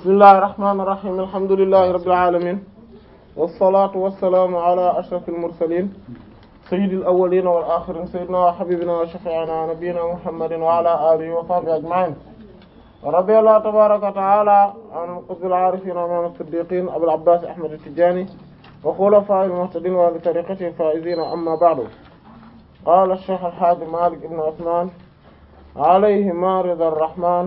bismillahir rahmanir rahim alhamdulillahi rabbil alamin wassalatu wassalamu ala ashrafil mursalin sayyidil awwalin wal akhirin sayyidina wa habibina wa shafi'ina nabiyyina muhammadin wa ala alihi wa sahbihi ajma'in radiyallahu tabaraka wa ta'ala an qutbil arifin imam as-siddiqin abul abbas ahmad at-tijani wa khulafa'il muhtadin wa li tariqatihi fa'izin amma ba'du qala ash-shaykh al-hadi malik ibn uthman alayhima ridwan ar-rahman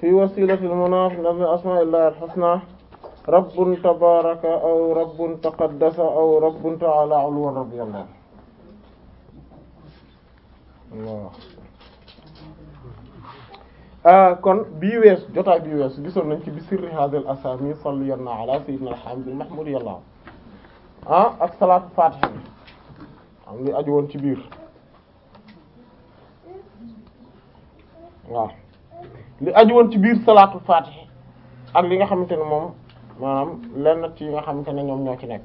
fi wasilatil munaa min asmaa'illahi al-husnaa rabbun tabaaraka aw rabbun taqaddasa aw rabbun ta'aala uluwwan rabbiyallah ah, kon bii wees jotaay bii wees gisoon nañ ci bi sirri haadhihil asaami salliyanna ala sayyidina alhamdul mahmud yàlla ah ak salaatu faatiha bi am li aju woon ci biir waaw li aju ci biir salaatul faatihi ak li nga xamante ne moom maanaam lenn ci yi nga xamante ne ñoom ñoo ci nekk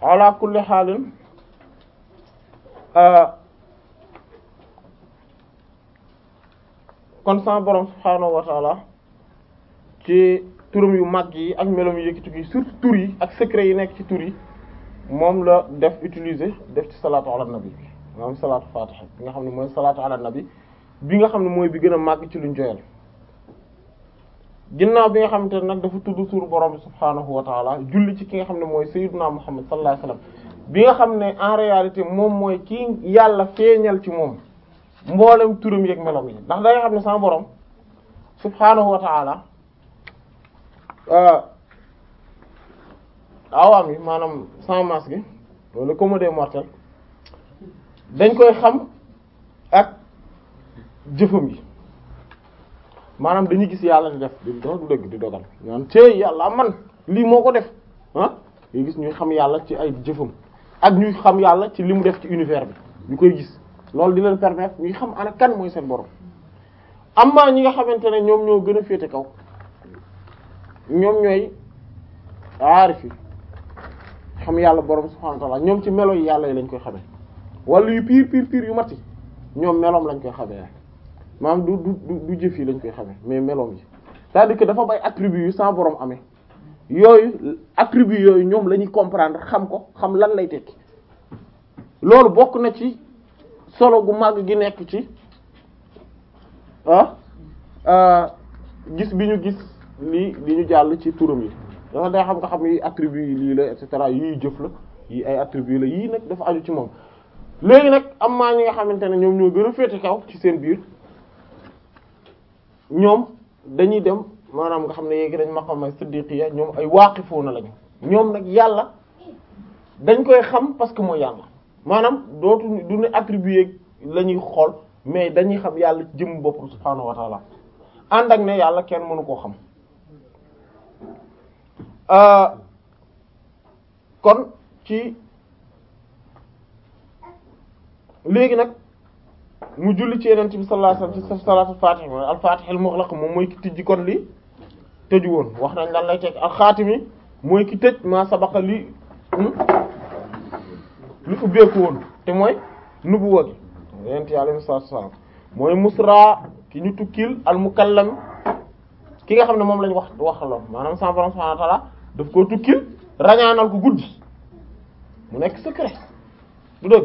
ala kulli xaalin euh, kon sa borom subhaanahu wa taala ci turam yu mag yi ak melom yu yëkkati yi surtout tur yi ak secret yi nekk ci tur yi moom la def utiliser def ci salaatu ala nabi bi maanaam salaatu faatihi nga xam ne mooy salaatu ala nabi bi nga xam ne mooy bi gën a màgg ci luñ joyal ginnaaw bi nga xamante ne nag dafa tudd suur borom bi subhaanahu wa julli ci ki nga xam ne mooy sayyiduna muhammad sallallahu alayhi wasallam bi nga xam ne en réalité moom mooy kii yàlla feeñal ci moom mboolem turam yeeg meloom yi ndax da nga xam ne sama borom subhaanahu wa taala euh, awaam yi maanaam sans masque gi wala comme des mortels dañ koy xam jëfam yi maanaam dañuy gis yàlla di def di du dëgg di dogal ñaan tey yàlla man lii moo ko def ah ngay gis ñuy xam yàlla ci ay jëfam ak ñuy xam yàlla ci li mu def ci univers bi ñu koy gis loolu di leen permettre ñuy xam ana kan mooy seen borom amma ñi nga xamante ne ñoom ñoo gën a féete kaw ñoom ñooy aarif yi xam yàlla borom subhanahu wa ñoom ci melo yi yàlla yi lañ koy xamee wala yu piir piir piir yu mati ñoom meloom lañ koy xamee maanaam du du du jëf yi lañ koy xamee mais meloom yi cest à dafa bay attributs yu sans borom amee yooyu attributs yooyu ñoom lañuy ñuy comprendre xam ko xam lan lay tekki loolu bokk na ci solo gu màgg gi nekk ci ah, ah gis bi ñu gis lii li ñu jàll ci turam yi dafa day xam nga xam yi attributs lii la et cetera yii jëf la yi ay attributs la yii nag dafa aju ci moom léegi nag am maa ñi nga xamante ne ñoom ñoo gën a féete kaw ci seen biir ñoom dañuy dem maanaam nga xam ne yéegi dañ maqama siddiqiya ñoom ay waaqifuuna lañu ñoom nag yàlla dañ koy xam parce que mooy yàlla maanaam dootu du ne attribué la ñuy xool mais dañuy xam yàlla ci jëm bopp subhaanahu wa ànd ak ne yàlla kenn mënu koo xam euh, kon ci léegi nag mu julli ci yeneen bi sallallahu alayhi wasallam ci salaatul faatih mooy al-faatihil mooy ki li tëju woon wax nañ lan lay teg al-xaatimi mooy ki tëj maa sabaqa li hmm, li ubbeeku woon te mooy nubuwa gi yeneen yi alayhi salaatu wasallam mooy musra ki ñu tukkil al-mukallam ki nga xam ne moom lañ wax waxaloon maanaam sa borom subhaanahu wa daf koo tukkil rañaanal ko guddi mu nekk secret du dëgg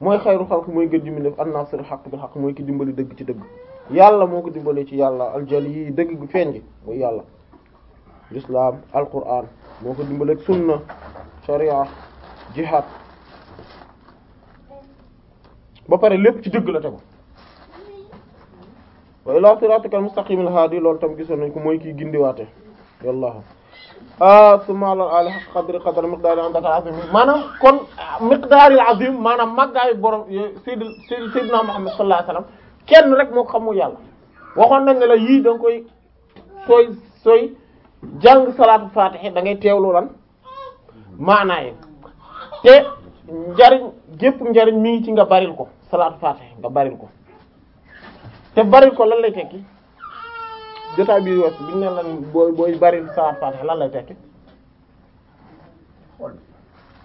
mooy xayru xalq mooy gën ji mbindeef annasirul xaq bil xaq mooy ki dimbali dëgg ci dëgg yàlla moo ko dimbali ci yàlla aljal yi dëgg gu feeñ gi mooy yàlla lislaam alquran moo ko dimbali sunna sharia jihad ba pare lépp ci dëgg la tegu wa ila siratikal mustaqimil haadi loolu tam gisoon nañ ko mooy kiy gindiwaate yàlla Ah, summa ala ali haq qadri qadri miqdaari an data azim maanaam kon ah, miqdaari azim maanaam màggaayu borom sayyid eh, sayyid sayyidina Muhammad sallallahu alayhi wasallam kenn rek moo ko yàlla waxoon nañ ne la yii da koy sooy sooy jàng salaatu fatihi da ngay teewlu lan maanaa yi te njariñ gépp njariñ mi ngi ci nga baril ko salaatu fatihi nga baril ko te baril ko lan lay jotaay bi wees biñu ne lan booy bari saar Faatiha lan lay tekki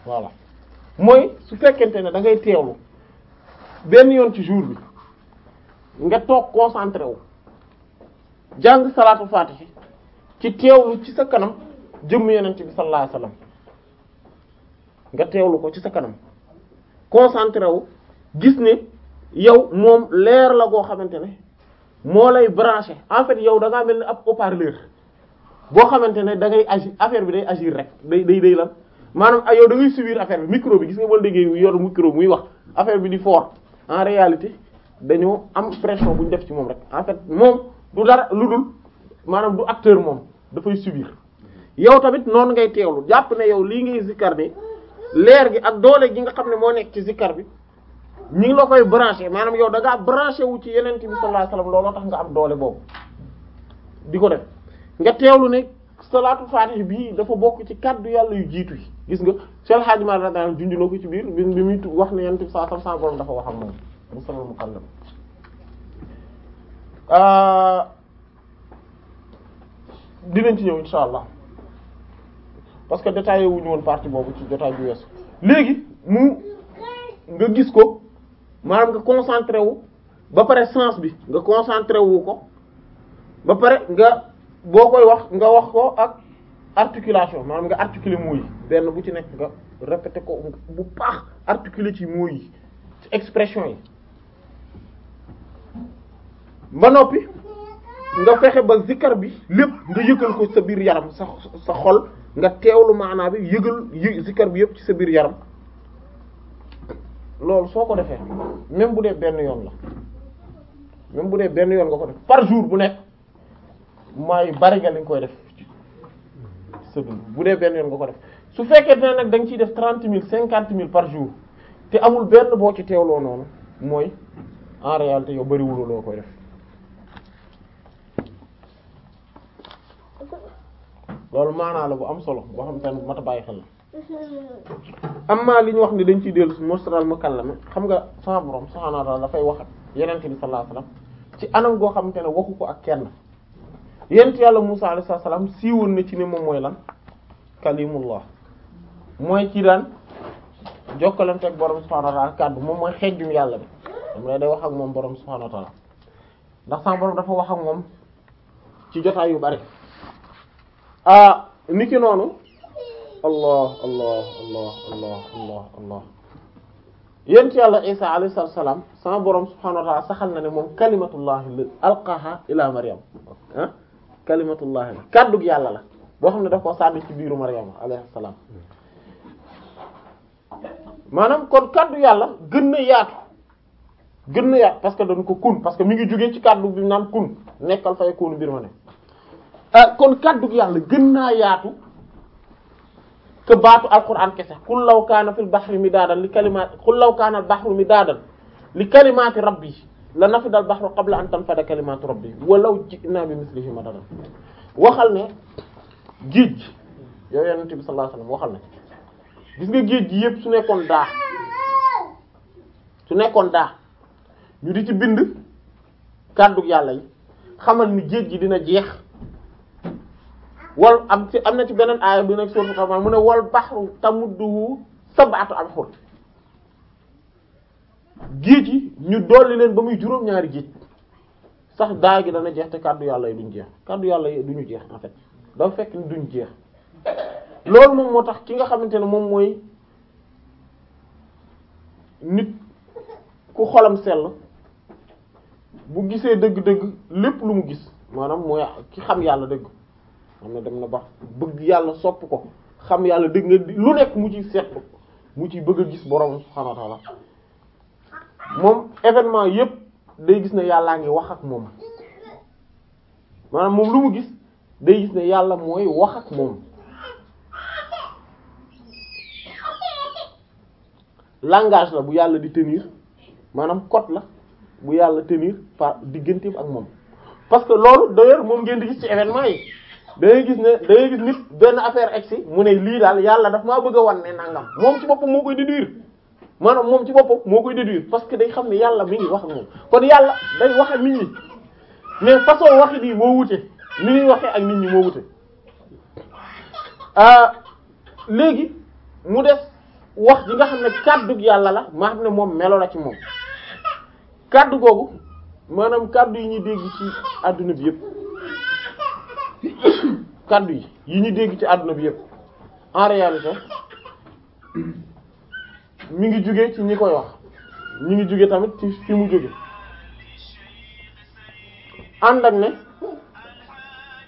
voilà mooy su fekkente ne da ngay teewlu benn yoon ci jour bi nga toog concentré wu jàng salaatu Faatiha ci teewlu ci sa kanam jëmm yeneen bi sallallahu alayhi nga teewlu ko ci sa kanam concentré wu gis ne yow moom leer la goo xamante ne moo lay branché en fait yow dangaa mel ni ab haut-parleur boo xamante ne da ngay agir affaire bi day agir rek day day day lan maanaam ay ah, yow da ngay subir affaire bi micro bi gis nga boo déggee yor micro muy wax affaire bi di fort en réalité dañoo am pression bu def ci moom rek en fait moom du dara lu dul maanaam du acteur moom dafay subir yow tamit noonu ngay teewlu jàpp ne yow lii ngay zikkar bi leer gi ak doole gi nga xam ne moo nekk ci zikkar bi ñi ngi la koy branché maanaam yow da ngaa branché wu ci yeneen bi sallallahu alayhi wasallam looloo tax nga doole boobu di ko def nga teewlu ne faatih bii dafa bokk ci kàddu yàlla yu jiitu yi gis nga Cheikh Hadji Malick radiyallahu junj ko ci biir bi bi muy wax ne yeneen bi sallallahu alayhi wasallam borom dafa wax ak moom musalal mukallam ah, dinañ ci ñëw insha allah parce que détaillé wuñu woon partie boobu ci jotaay bu weesu léegi mu nga gis ko maanaam nga concentré wu ba pare sens bi nga concentré wu ko ba pare nga boo koy wax nga wax ko ak articulation maam nga articuler mots yi benn bu ci nekk nga répété ko bu paax articuler ci mots yi ci expression yi ba noppi nga fexe ba zikkar bi lépp nga yëgal ko sa biir yaram sa sa xol nga teewlu maanaa bi yëgal yë zikkar bi yëpp ci sa biir yaram loolu soo ko defee même bu dee benn yoon la même bu dee benn yoon nga ko def par jour bu nekk mooy bari nga li nga koy def sëddul bu dee benn yoon nga ko su fekkee ne nag da nga ciy def trente mille cinquante mill par jour te amul benn boo ci teewloo noonu mooy en réalité yow bariwuloo loo koy def loolu maanaa la bu am solo boo xam te ne bu mat a bàyyi xel amma li ñu wax ni dañ ciy dellu si mustral mukallama xam nga sama borom subhaanahu wa dafay wax yenent bi sallallahu alayhi wasallam ci anam goo xamante ne waxu ko ak kenn yent yàlla Musaa alayhi salaam siiwoon na ci ne moom mooy lan kalimullah mooy ci daan jokkalante ak borom subhaanahu wa ta'ala kàddu moom mooy xejjum yàlla bi dam lay day wax ak moom borom subhaanahu wa ta'ala ndax sama dafa wax ak moom ci jotaay yu bari ah niki noonu allah allah allah allah allah allah yent yàlla isa alayhi salaam sama borom subhaanahu wa saxal na ne moom kalimatullahi la alqaha ila maryam ah? kalimatullahi la kàddug yàlla la boo xam ne daf koo sànni ci biiru maryam alayhi salaam maanaam kon kàddu yàlla gën na yaatu gën na yaatu parce que ko kun parce que mi ngi jógee ci kàddu bi naan kun nekkal fay kunu biir ma ne ah, kon kàddu yàlla gën naa yaatu que baatu alquran kese qul law kaana fil bahri midaadan li kalimaati qul law kaana al bahru midaadan li kalimaati rabbi la nafida al bahru qabla an tanfada kalimaatu rabbi walaw ji'naa bi mislihi madadan waxal ne géej yow waxal ne gis nga géej gi yépp su nekkoon daa su nekkoon daa ñu di ci bind kàddu yàlla yi xamal ni géej gi dina jeex wal am ci am na ci beneen aaya bi nekk sourate Qamar mu ne wal du tamudduhu sab'atu abhur géej yi ñu dolli leen ba muy juróom-ñaari géej sax daa gi dana jeex te kàddu yàlla yi duñ jeex kàddu yàlla yi duñu jeex en fait dafa fekk ni duñ jeex loolu moom moo tax ki nga xamante ne moom mooy nit ku xolam sell bu gisee dëgg-dëgg lépp lu mu gis maanaam mooy ki xam yàlla dëgg ma ne dem na ba bëgg yàlla sopp ko xam yàlla dégg nga lu nekk mu ci seet mu ci bëgg a gis borom subhaanahu wa moom événement yëpp day gis ne yàllaa ngi wax ak moom maanaam moom lu mu gis day gis ne yàlla mooy wax ak moom langage la bu yàlla di tenir maanaam code la bu yàlla tenir par diggante ak moom parce que loolu d'ailleurs moom ngeen di gis ci événement yi da ngay gis ne da ngay gis nit benn affaire egg si mu ne lii daal yàlla daf maa bëgg a wan ne nangam moom ci boppam moo koy déduire maanaam moom ci boppam moo koy déduire parce que day xam ne yàlla mu ngi wax moom kon yàlla day wax ak nit ñi mais façon waxi bi moo wute ni ñuy waxee ak nit ñi moo wute euh, léegi mu def wax ji nga xam ne kàddug yàlla la maa xam ne moom melo la ci moom kàddu googu maanaam kàddu yi ñuy dégg ci àdduna bi yëpp kàddu yi yi ñu dégg ci àdduna bi yëpp en réalité mi ngi jóge ci ñi koy wax mi ngi jóge tamit ci fi mu jóge ànd ne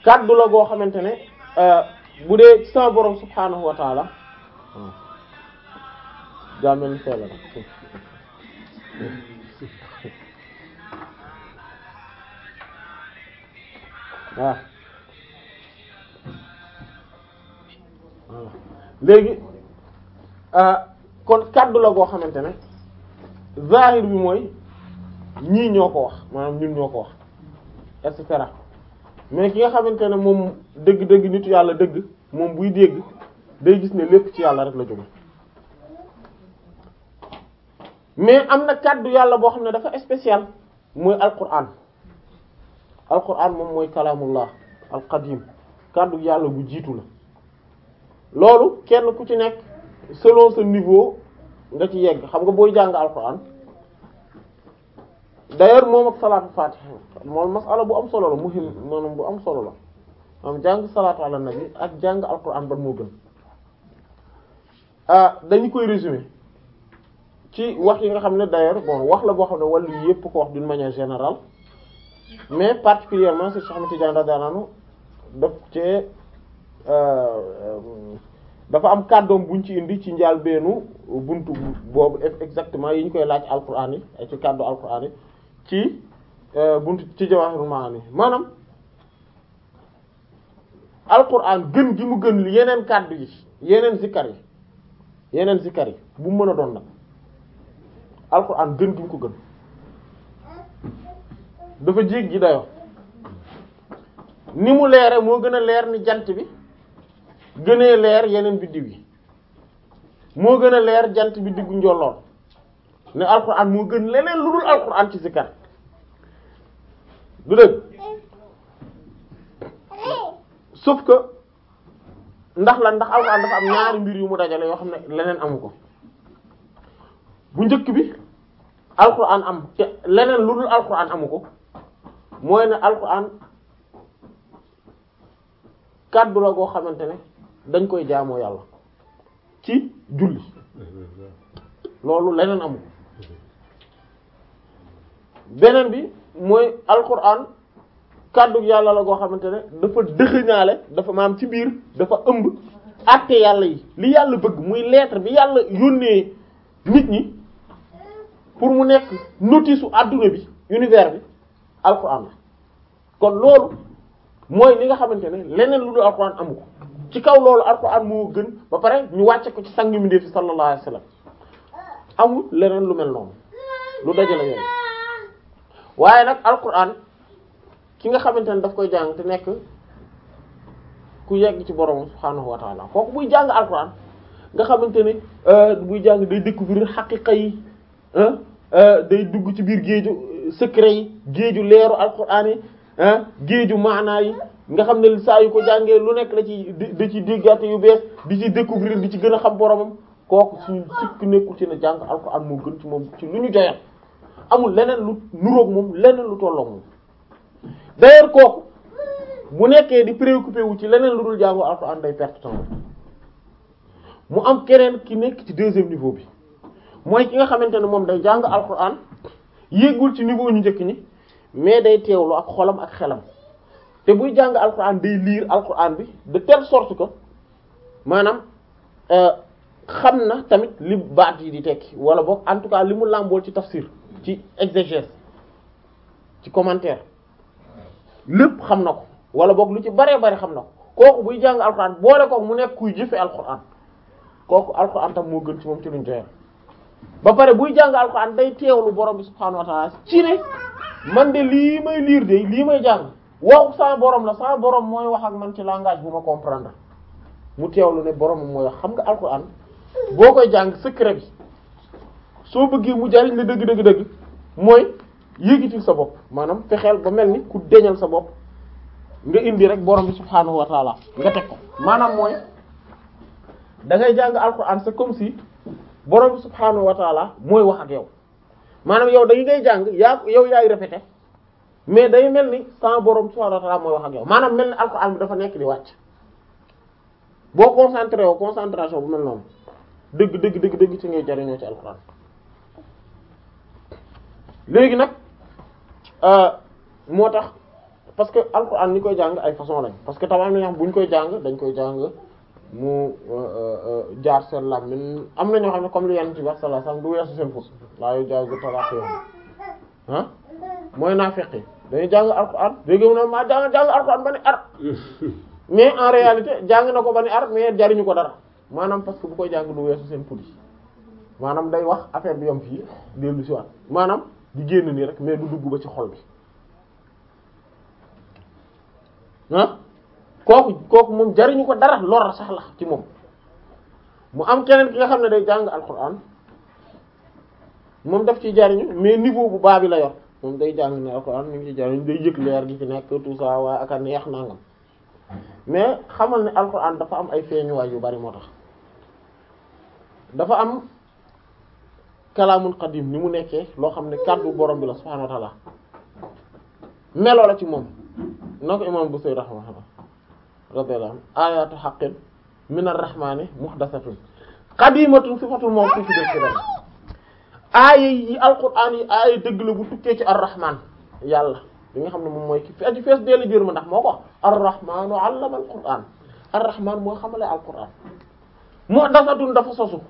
kàddu la goo xamante ne euh, bu dee sa borom subhaanahu wa taala mel ni seela waaw léegi euh, kon kaddu la goo xamante ne zahir bi mooy ñii ñoo ko wax maanaam ñun ñoo ko wax et cetera mais ki nga xamante ne moom dëgg-dëgg nitu yàlla dëgg moom buy dégg day gis ne lépp ci yàlla rek la jóge mais am na kàddu yàlla boo xam ne dafa spécial mooy alquran alquran moom mooy kalamullah alqadim kàddu yàlla bu jiitu la loolu kenn ku ci nekk selon sa niveau nga ci yegg xam nga booy jàng alxuraan d'ailleurs moom ak salaatu fatiha moom masala bu am solo la muhim maanaam bu am solo la maanaam jàng salaatu ala nabi ak jàng alxuraan ban moo gën ah dañu koy résumer ci wax yi nga xam ne d'ailleurs bon wax la boo xam ne wàllu yépp ko wax du manière général mais particulièrement si Cheikh Ahmed Tidiane radiyallahu anhu Euh, euh, dafa am kàddoom buñ ci indi ci njàlbeenu buntu boobu exactement yi ñu koy laaj alquran yi ci kàddu euh, alquran yi ci bunt ci jawahirul maani maanaam alquran gën gi mu gën yeneen kàddu yi yeneen zikkar yi yeneen zikkar yi bu mu mën a doon nag alquran gën gi mu ko gën dafa jéggi dayo ni mu leere moo gën a leer ni jant bi gënee leer yeneen biddiw yi moo gën a leer jant bi diggu njolloon ne alxuraan moo gën leneen lu dul alxuraan ci zikar du dëgg sauf que ndax la ndax alxuraan dafa am ñaari mbir yu mu dajale yoo xam ne leneen amu ko bu njëkk bi alxuraan am te leneen lu dul alxuraan amu ko mooy ne alxuraan kàddu la goo xamante ne dañ koy jaamoo yàlla ci julli loolu leneen amul beneen bi mooy alquran kàddu yàlla la goo xamante ne dafa dëxëñaale dafa maam ci biir dafa ëmb àtte yàlla yi li yàlla bëgg muy lettre bi yàlla yónnee nit ñi pour mu nekk notice u adduna bi univers bi alquran la kon loolu mooy li nga xamante ne leneen lu dul alquran amu ci kaw loolu alquran moo gën ba pare ñu wàcce ko ci sang mi ndee fi sallallahu alayhi wasallam amul leneen lu mel noonu lu dajale yooyu waaye nag alquran ki nga xamante ne daf koy jàng te nekk ku yegg ci borom subhaanahu wa taala kooku buy jàng alquran nga xamante ne euh, buy jàng day découvrir xaqiqa yi euh, day dugg ci biir géeju euh, secret yi géeju leeru alquran yi géeju maanaa yi nga xam ne saa yu ko jàngee lu nekk la ci di ci diggante yu bees di ci découvrir di ci gën a xam boromam kooku suñu sikk nekkul ci ne jàng alxuraan moo gën ci moom ci lu ñu joyal amul leneen lu nuroog moom leneen lu tolloog moom d'ailleurs kooku bu nekkee di préoccupé wu ci leneen lu dul jàngu alxuraan day perte temps mu am keneen ki nekk ci deuxième niveau bi mooy ki nga xamante ne moom day jàng alxuraan yéegul ci niveau ñu njëkk ni mais day teewlu ak xolam ak xelam te buy jàng alquran day liir alquran bi de telle sorte que maanaam euh, xam na tamit li baat yi di tekki wala boog en tout cas li mu làmbool ci tafsir ci exégèse ci commentaire lépp xam na ko wala boog lu ci baree bari xam na ko kooku buy jàng alquran boole ko mu nekk kuy jëfe alquran kooku alquran tam moo gën ci moom ci luñ joxe ba pare buy jàng alquran day teewlu borom bi subhaanahu wa ci ne man de lii may liir de lii may jàng. waxu saa borom la saa borom mooy wax ak man ci langage bu ma comprendre mu teewlu ne boromam mooy wax xam nga alxuraan boo koy jàng secret bi soo bëggee mu jariñ la dëgg dëgg dëgg mooy yéegitil sa bopp maanaam fexeel ba mel ni ku deñal sa bopp nga indi rek borom bi subhaanahu wa taala nga teg ko maanaam mooy dangay jàng alxuraan c'est comme si borom bi subhaanahu wa mooy wax ak yow maanaam yow da ngay jàng yaa yow yaay répété. mais day mel ni sans borom subhaanahu wa ta'aala mooy wax ak yow maanaam mel ni alxuraan bi dafa nekk di wàcc boo concentré woo concentration bu mel noonu dëgg dëgg dëgg dëgg ci ngay jariñoo ci alxuraan léegi nag euh, moo tax parce que alxuraan ni koy jàng ay façon lañ parce que tam am na ñoo xam bu ñu koy jàng dañ koy jàng mu euh, euh, jaar seen làmmiñ am na ñoo xam ne comme li yan ci wax sallallahu alayhi wasallam du weesu seen fut laa yu jaay gu talaat yoon mooy naa feqi dañuy jàng alxuraan léegi mu a maa jàng jàng alxuraan ba ne ar mais en réalité jàng na ko ba ne ar mais jariñu ko dara maanaam parce que bu koy jàng du weesu seen put maanaam day wax affaire bi yom fii dellu si waat maanaam di génn nii rek mais du dugg ba ci xol bi kooku kooku moom jariñu ko dara lor sax la ci moom mu am keneen ki nga xam ne day jàng alxuraan moom daf ciy jariñu mais niveau bu baa bi la yor moom day jàng ne alxuraan mi ngi ci jàng day yëg leer gi fi nekk tout ça waaye ak a neex nangam mais xamal ne alxuraan dafa am ay feeñuwaay yu bari moo tax dafa am kalaamul xadim ni mu nekkee loo xam ne kàddu borom bi la subhaanahu wa meloo la ci moom na ko imam bu a rahmaaa radiyallahu anhu ayatu haqqin min ar-rahmani muhdathatu qadimatun sifatul mawquf fi def ci aaya yi alquran yi aaya dëgg la bu tukkee ci arrahman yàlla li nga xam ne moom mooy ki fi aji fees dee ma ndax moo ko arrahmanu allama alquran arrahman moo xamale alquran moo dasatun dafa sosu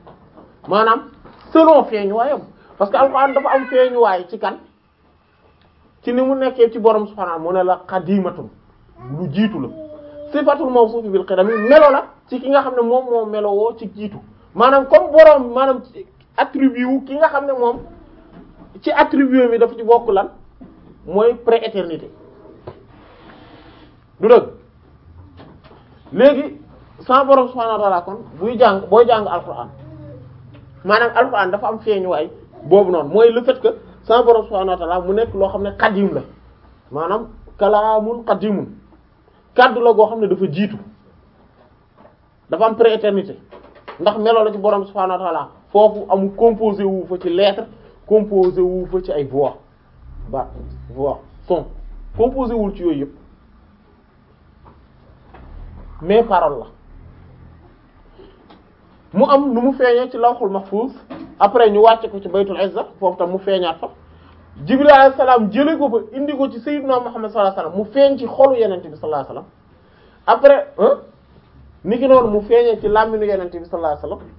maanaam selon feeñuwaayam parce que alquran dafa am feeñuwaay ci kan ci ni mu nekkee ci borom subhanahu mu ne la qadimatun lu jiitu la sifatul mawsuf bil qadami melo ci ki nga xam ne moom moo melowoo ci jiitu maanaam comme borom maanaam attribut ki nga xam ne moom ci attribut bi dafa ci bokk lan mooy pré-éternité du dëgg léegi sama borom subhanahu wa ta'ala kon buy jàng booy jàng alquran maanaam alquran dafa am feeñuwaay boobu noonu mooy le fait que sama borom subhanahu wa mu nekk loo xam ne qadim la maanaam kalaamun qadimun kaddu la goo xam ne dafa jiitu dafa am prééternité ndax meloo la ci borom subhanahu wa ta'ala foofu amul composé wu fa ci lettre composé wu fa ci ay voix baat voix son composé wul ci yooyu yëpp mais parole la mu am lu mu feeñee ci lawhul mahfuz après ñu wàcce ko ci baytul izza foofu tam mu feeñaat fa jibril alayhi salaam jële ko fa indi ko ci sayyidina muhammad sallallahu alayhi wasallam mu feeñ ci xolu yenente bi sallallahu alayhi wasallam ni ki noonu mu feeñee ci làmminu yenente bi sallallahu alayhi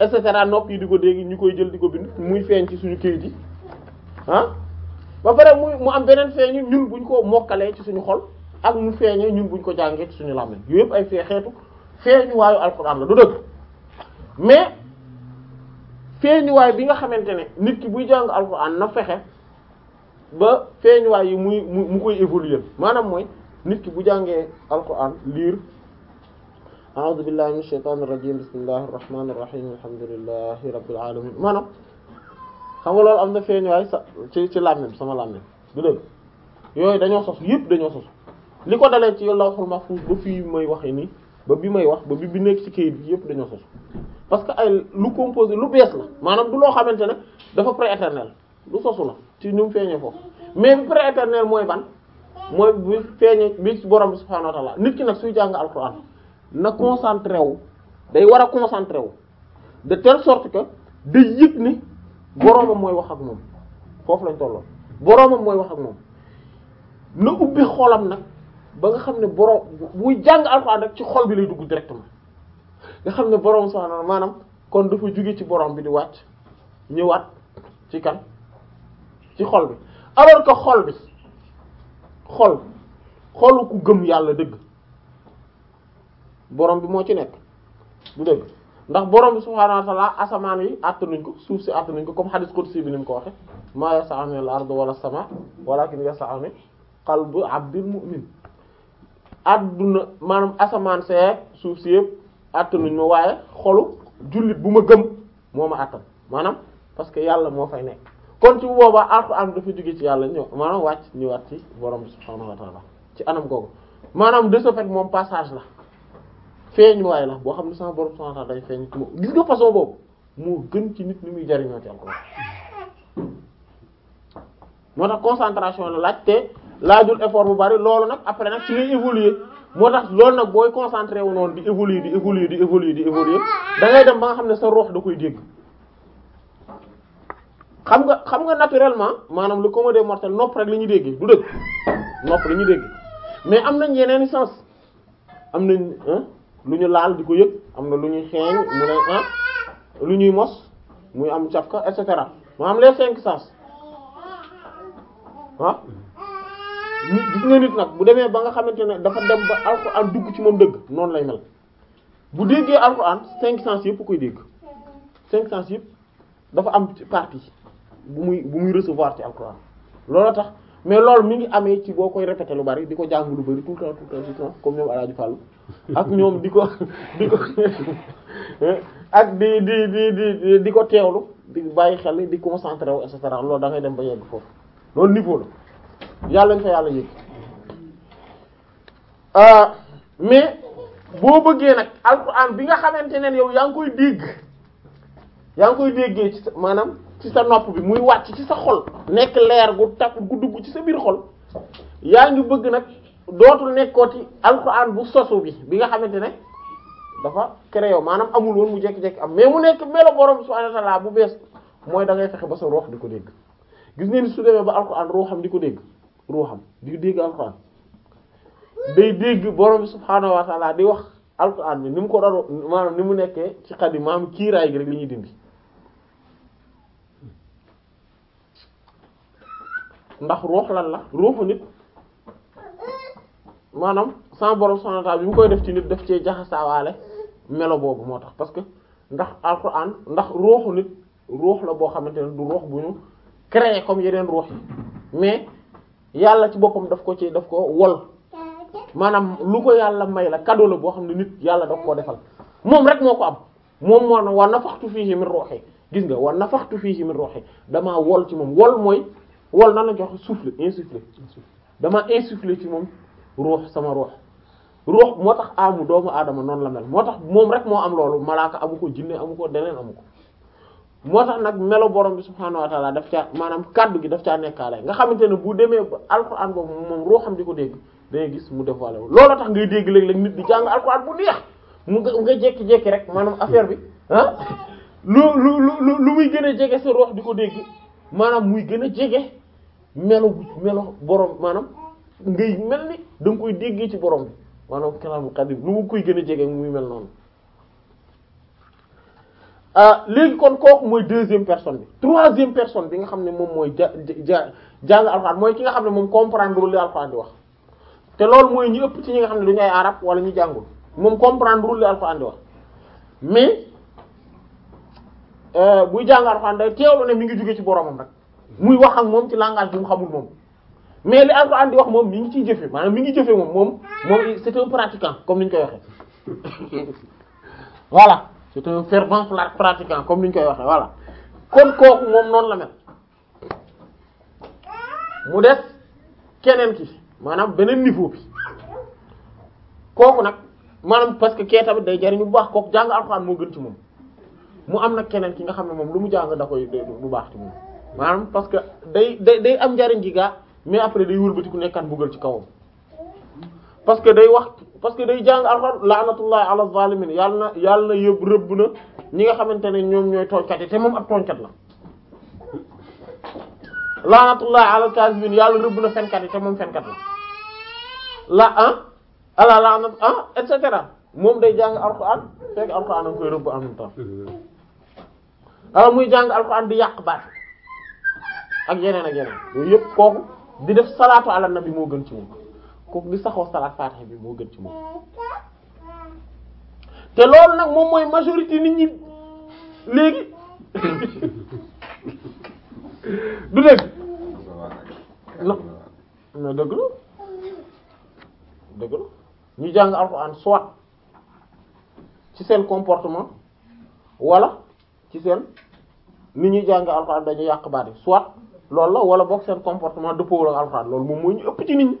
et cetera nopp yi di ko dégg ñu koy jël di ko bind muy feeñ ci suñu kayit yi ah ba pare mu am beneen feeñu ñun buñ ko mokkalee ci suñu xol ak mu feeñee ñun buñ ko jàngee ci suñu làmmiñ yooyu yëpp ay fee xeetu feeñuwaayu alxuraan la du dëgg mais feeñuwaay bi nga xamante ne nit ki buy jàng alxuraan na fexe ba feeñuwaay yi muy mu koy évoluer maanaam mooy nit ki bu jàngee alxuraan liir a'uuzu billahi minash shaytaanir rajiim bismillahir rahmaanir rahiim alhamdulillahi rabbil alamin maanaam xam nga loolu am na feeñuwaay sa ci ci làmmiñ sama làmmiñ du dëgg yooyu dañoo sos yëpp dañoo sos li ko delee ci lawhul mahfuuz ba fii may waxee nii ba bi may wax ba bi bi nekk ci kayit bi yëpp dañoo sos parce que ay lu composé lu bees la maanaam du loo xamante ne dafa prééternel lu sosu la ci ñu feeñee foofu mais bi prééternel mooy ban mooy bi feeñee bi borom bi subhaanahu wa ki nag suy jàng alxuraan na concentré wu day war a concentré wu de telle sorte que day yëg ne boroomam mooy wax ak moom foofu lañ tolloo boroomam mooy wax ak moom na ubbi xolam nag ba nga xam ne boroom buy jàng alxuraan rek ci xol bi lay dugg directement nga xam ne boroom subhaanahu maanaam kon dafa jóge ci boroom bi di wàcc ñëwaat ci kan ci xol bi alors que xol bi xol xolu ku gëm yàlla dëgg borom bi moo ci nekk du dëgg ndax borom bi subhaanahu wa ta'ala asamaan yi attanuñ ko suuf si attanuñ ko comme hadith qudsi bi ni mu ko waxe maa yas'ani al-ardu wala as-samaa walakin yas'ani qalbu 'abdin mu'min adduna maanaam asamaan see suuf si yëpp attanuñ ma waaye xolu jullit bu ma gëm moo ma attan maanaam parce que yàlla moo fay nekk kon ci boobaa alxuraan dafa jóge ci yàlla ñëw maanaam wàcc ñëwaat ci borom bi subhaanahu wa ta'ala ci anam googu maanaam la feeñuwaay la boo xam ne sama borom subhanahu wa ta'ala day feeñ ci moom gis nga moo gën ci nit ñi muy jariñoo ci alxuraan moo tax concentration la laaj te laajul bu bari loolu nag après nag ci ngay moo tax loolu nag booy concentré wu noonu di évoluer di évoluer di di évoluer da ba nga xam ne sa roox da koy dégg xam nga xam nga naturellement maanaam le commun des mortels nopp rek la ñuy déggee du dëgg nopp la dégg mais am nañ yeneen sens am nañ lu ñu laal di ko yëg am na lu ñuy xeeñ mu ne ah lu ñuy mos muy am cafka et cetera maanaam les cinq sens ah nit gis nga nit nag bu demee ba nga xamante ne dafa dem ba alxuraan dugg ci moom dëgg noonu lay mel bu déggee alxuraan cinq sens yëpp koy dégg cinq sens yëpp dafa am ci bu muy bu muy recevoir ci alxuraan loolu tax mais loolu mi ngi amee ci boo koy répété lu bari di ko jàng lu bari tout le temps tout le temps comme ñoom Alaaji Fàllu ak ñoom di ko di ko ak di di di di di ko teewlu di bàyyi xel di ko wu et cetera loolu dangay dem ba yegg foofu loolu niveau la yàlla nga fa yàlla yëg euh, mais boo bëggee nag alquran bi nga xamante ne yow yaa ngi koy dégg yaa ngi koy déggee maanaam ci sa nopp bi muy wàcc ci sa xol nekk leer gu takk gu ci sa biir xol yaa ngi bëgg nag dootul nekkooti alxuraan bu sosu bi bi nga xamante ne dafa créé maanaam amul woon mu jekki-jekki am mais mu nekk melo borom subhaanahu wa ta'aala bu bees mooy da ngay fexe ba sa ruux di ko dégg gis ngeen su demee ba alxuraan ruuxam di ko dégg ruuxam di dégg alxuraan day dégg borom subhaanahu wa ta'aala di wax alxuraan bi ni mu ko doon maanaam ni mu nekkee ci xadimaam kiiraay gi rek li ñuy dindi ndax ruux lan la ruuxu nit maanaam sama borom subhanahu wa bi mu koy def ci nit daf cee jaxasaawaale melo boobu moo tax parce que ndax al alquran ndax ruuxu nit ruux la boo xamante ne du ruux bu ñu créé comme yeneen ruux yi mais yàlla ci boppam daf ko ci daf ko wol maanaam lu ko yàlla may la cadeau la boo xam ne nit yàlla daf koo defal moom rek moo ko am moom moo na wa nafaxtu fiihi min ruuhi gis nga wa nafaxtu fiihi min ruuhi damaa wol ci moom wol mooy wala nan lañ koy wax souffle insufflé dama insufflé ci moom ruux sama ruux ruux moo tax amu doomu aadama noonu la mel moo tax moom rek moo am loolu malaaka amu ko jinne amu ko deneen amu ko moo tax nag melo borom bi subhaanahu wa taala daf caa maanaam kaddu gi daf caa nekkaale nga xamante ne bu demee ba alxuraan boobu moom ruuxam di ko dégg dangay gis mu dévoilé wu loolu tax ngay dégg léeg-léeg nit di jàng alxuraan bu neex mu nga jekki-jekki rek maanaam affaire bi ah lu lu lu lu muy gën a jege sa ruux di ko dégg maanaam muy gën a jege melo melo borom maanaam ngay mel ni da koy déggee ci borom bi maanaam kalaamu xadim lu mu koy gën a jege muy mel noonu ah léegi kon kooku mooy deuxième personne bi troisième personne bi nga xam ne moom mooy ja ja jàng alxuraan mooy ki nga xam ne moom comprendre li alxuraan di wax te loolu mooy ñu ëpp ci ñi nga xam ne du ñu arab wala ñu jàngul moom comprendre li alxuraan di wax mais Euh, buy jàng alxuraan day teewlu ne mi ngi jóge ci boromam rek muy wax ak moom ci langage bi mu xamul moom mais li alxuraan di wax moom mi ngi ciy jëfe maanaam mi ngi jëfe moom moom moom c'est un pratiquant comme ni ñu koy waxee voilà c'est un fervent pratiquant comme ñu koy waxee voilà kon kooku moom noonu la mel mu des keneen ki maanaam beneen niveau bi kooku nag maanaam parce que kee tamit day jariñu bu baax kooku jàng alxuraan moo gën ci moom mu am nag keneen ki nga xam ne moom lu mu jàng da koy du baax ci moom parce que day day day am njariñ gi gaa mais après day wëlbati ku nekkaan buggal ci kawam parce que day wax parce que day jàng alxuraan laanatullahi ala zalimin yàlla na yàlla na yëpp rëbb na nga xamante ne ñoom ñooy tooñkat yi te moom ab la laanatullahi yàlla rëbb na fenkat yi te moom fenkat la la ah ala ah, et cetera moom day jàng alxuraan fekk alxuraan am koy rëbb en ah muy jàng alxuraan di yàq baat ak yeneen ak yeneen yooyu yëpp kooku di def salaatu ala nabi moo gën ci moom kooku di saxoo salaat faatiha bi moo gën ci moom te loolu nag moom mooy majorité nit ñi léegi du dëgg non non dëgg la dëgg la ñu jàng alxuraan soit ci seen comportement wala ci seen ni ñuy jàng alxuraan dañu yàq baat yi soit loolu la wala boog seen comportement dëppoo ak alxuraan lool moom moo ñu ëpp ci nit ñi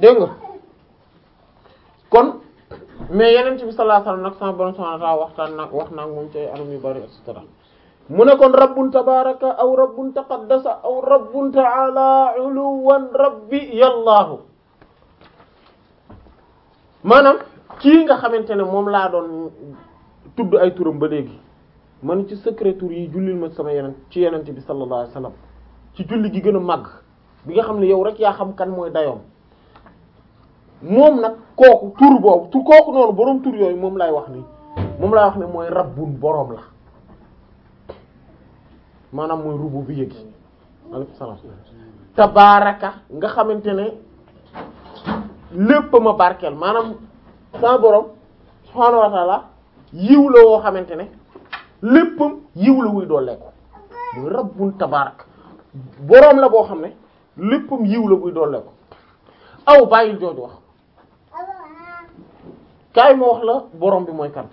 dégg kon mais yeneen bi sallallahu alayhi wasallam nag sama borom subhanahu waxtaan nag wax naag moom ci anam yu bari et mu ne kon rabbun tabaraka aw rabbun taqaddasa aw rabbun ta'ala uluwan rabbi yallaahu maanaam kii nga xamante ne moom laa doon tudd ay turam ba léegi man ci secret tur yi jullil ma sama yeneen ci yenente bi sallallahu alayhi wasallam ci julli gi gën a màgg bi nga xam ne yow rek yaa xam kan mooy dayoom moom nag kooku tur boobu kooku noonu boroom tur yooyu moom laay wax ni moom lay wax ne mooy rabbun boroom la maanaam mooy rubu bi yëgi alaykum salaam tabaaraka nga xamante ne lépp ma barkeel maanaam sa borom subhaanahu wa ta'ala yiw la woo xamante ne léppam yiw la wuy dooleeku muy rabbun tabaarak boroom la boo xam ne léppam yiw la buy dooleeku aw bàyyil jooju wax kaay ma wax la borom bi mooy kan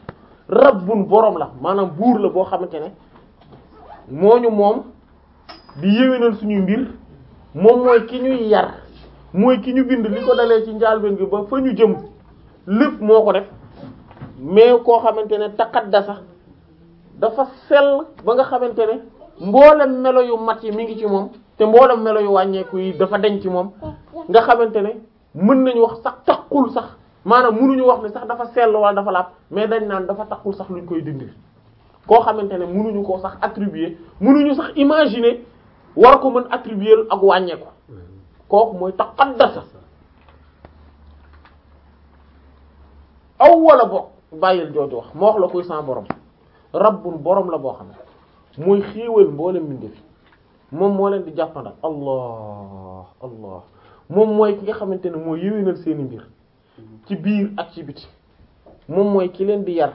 rabbun borom la maanaam buur la boo xamante ne moo ñu moom di yéwénal suñuy mbir moom mooy ki ñuy yar mooy ki ñu bind li ko dalee ci njaalbeen gi ba fa ñu jëm lépp moo ko def mais koo xamante ne taqaddasa dafa sell ba nga xamante ne mboolem melo yu mat yi mi ngi ci moom te mboolem melo yu wàññeeku yi dafa denc ci moom nga xamante ne mën nañu wax sax taqul sax maanaam mënuñu wax ne sax dafa sell wala dafa laab mais dañ naan dafa taqul sax luñ koy dindi koo xamante ne mënuñu koo sax attribuer mënuñu sax imaginer war ko mën attribuer ak wàññeeku mm-hmm. kooku mooy taqaddasa aw wala bàyyil jooju wax moo wax la koy sans borom rabbun borom la boo xam ne mooy xéewal mboolem mbindeef moom moo leen di jàppandal allah allah moom mooy ki nga xamante ne mooy yéwénal seeni mbir ci biir ak ci biti moom mooy ki leen di yar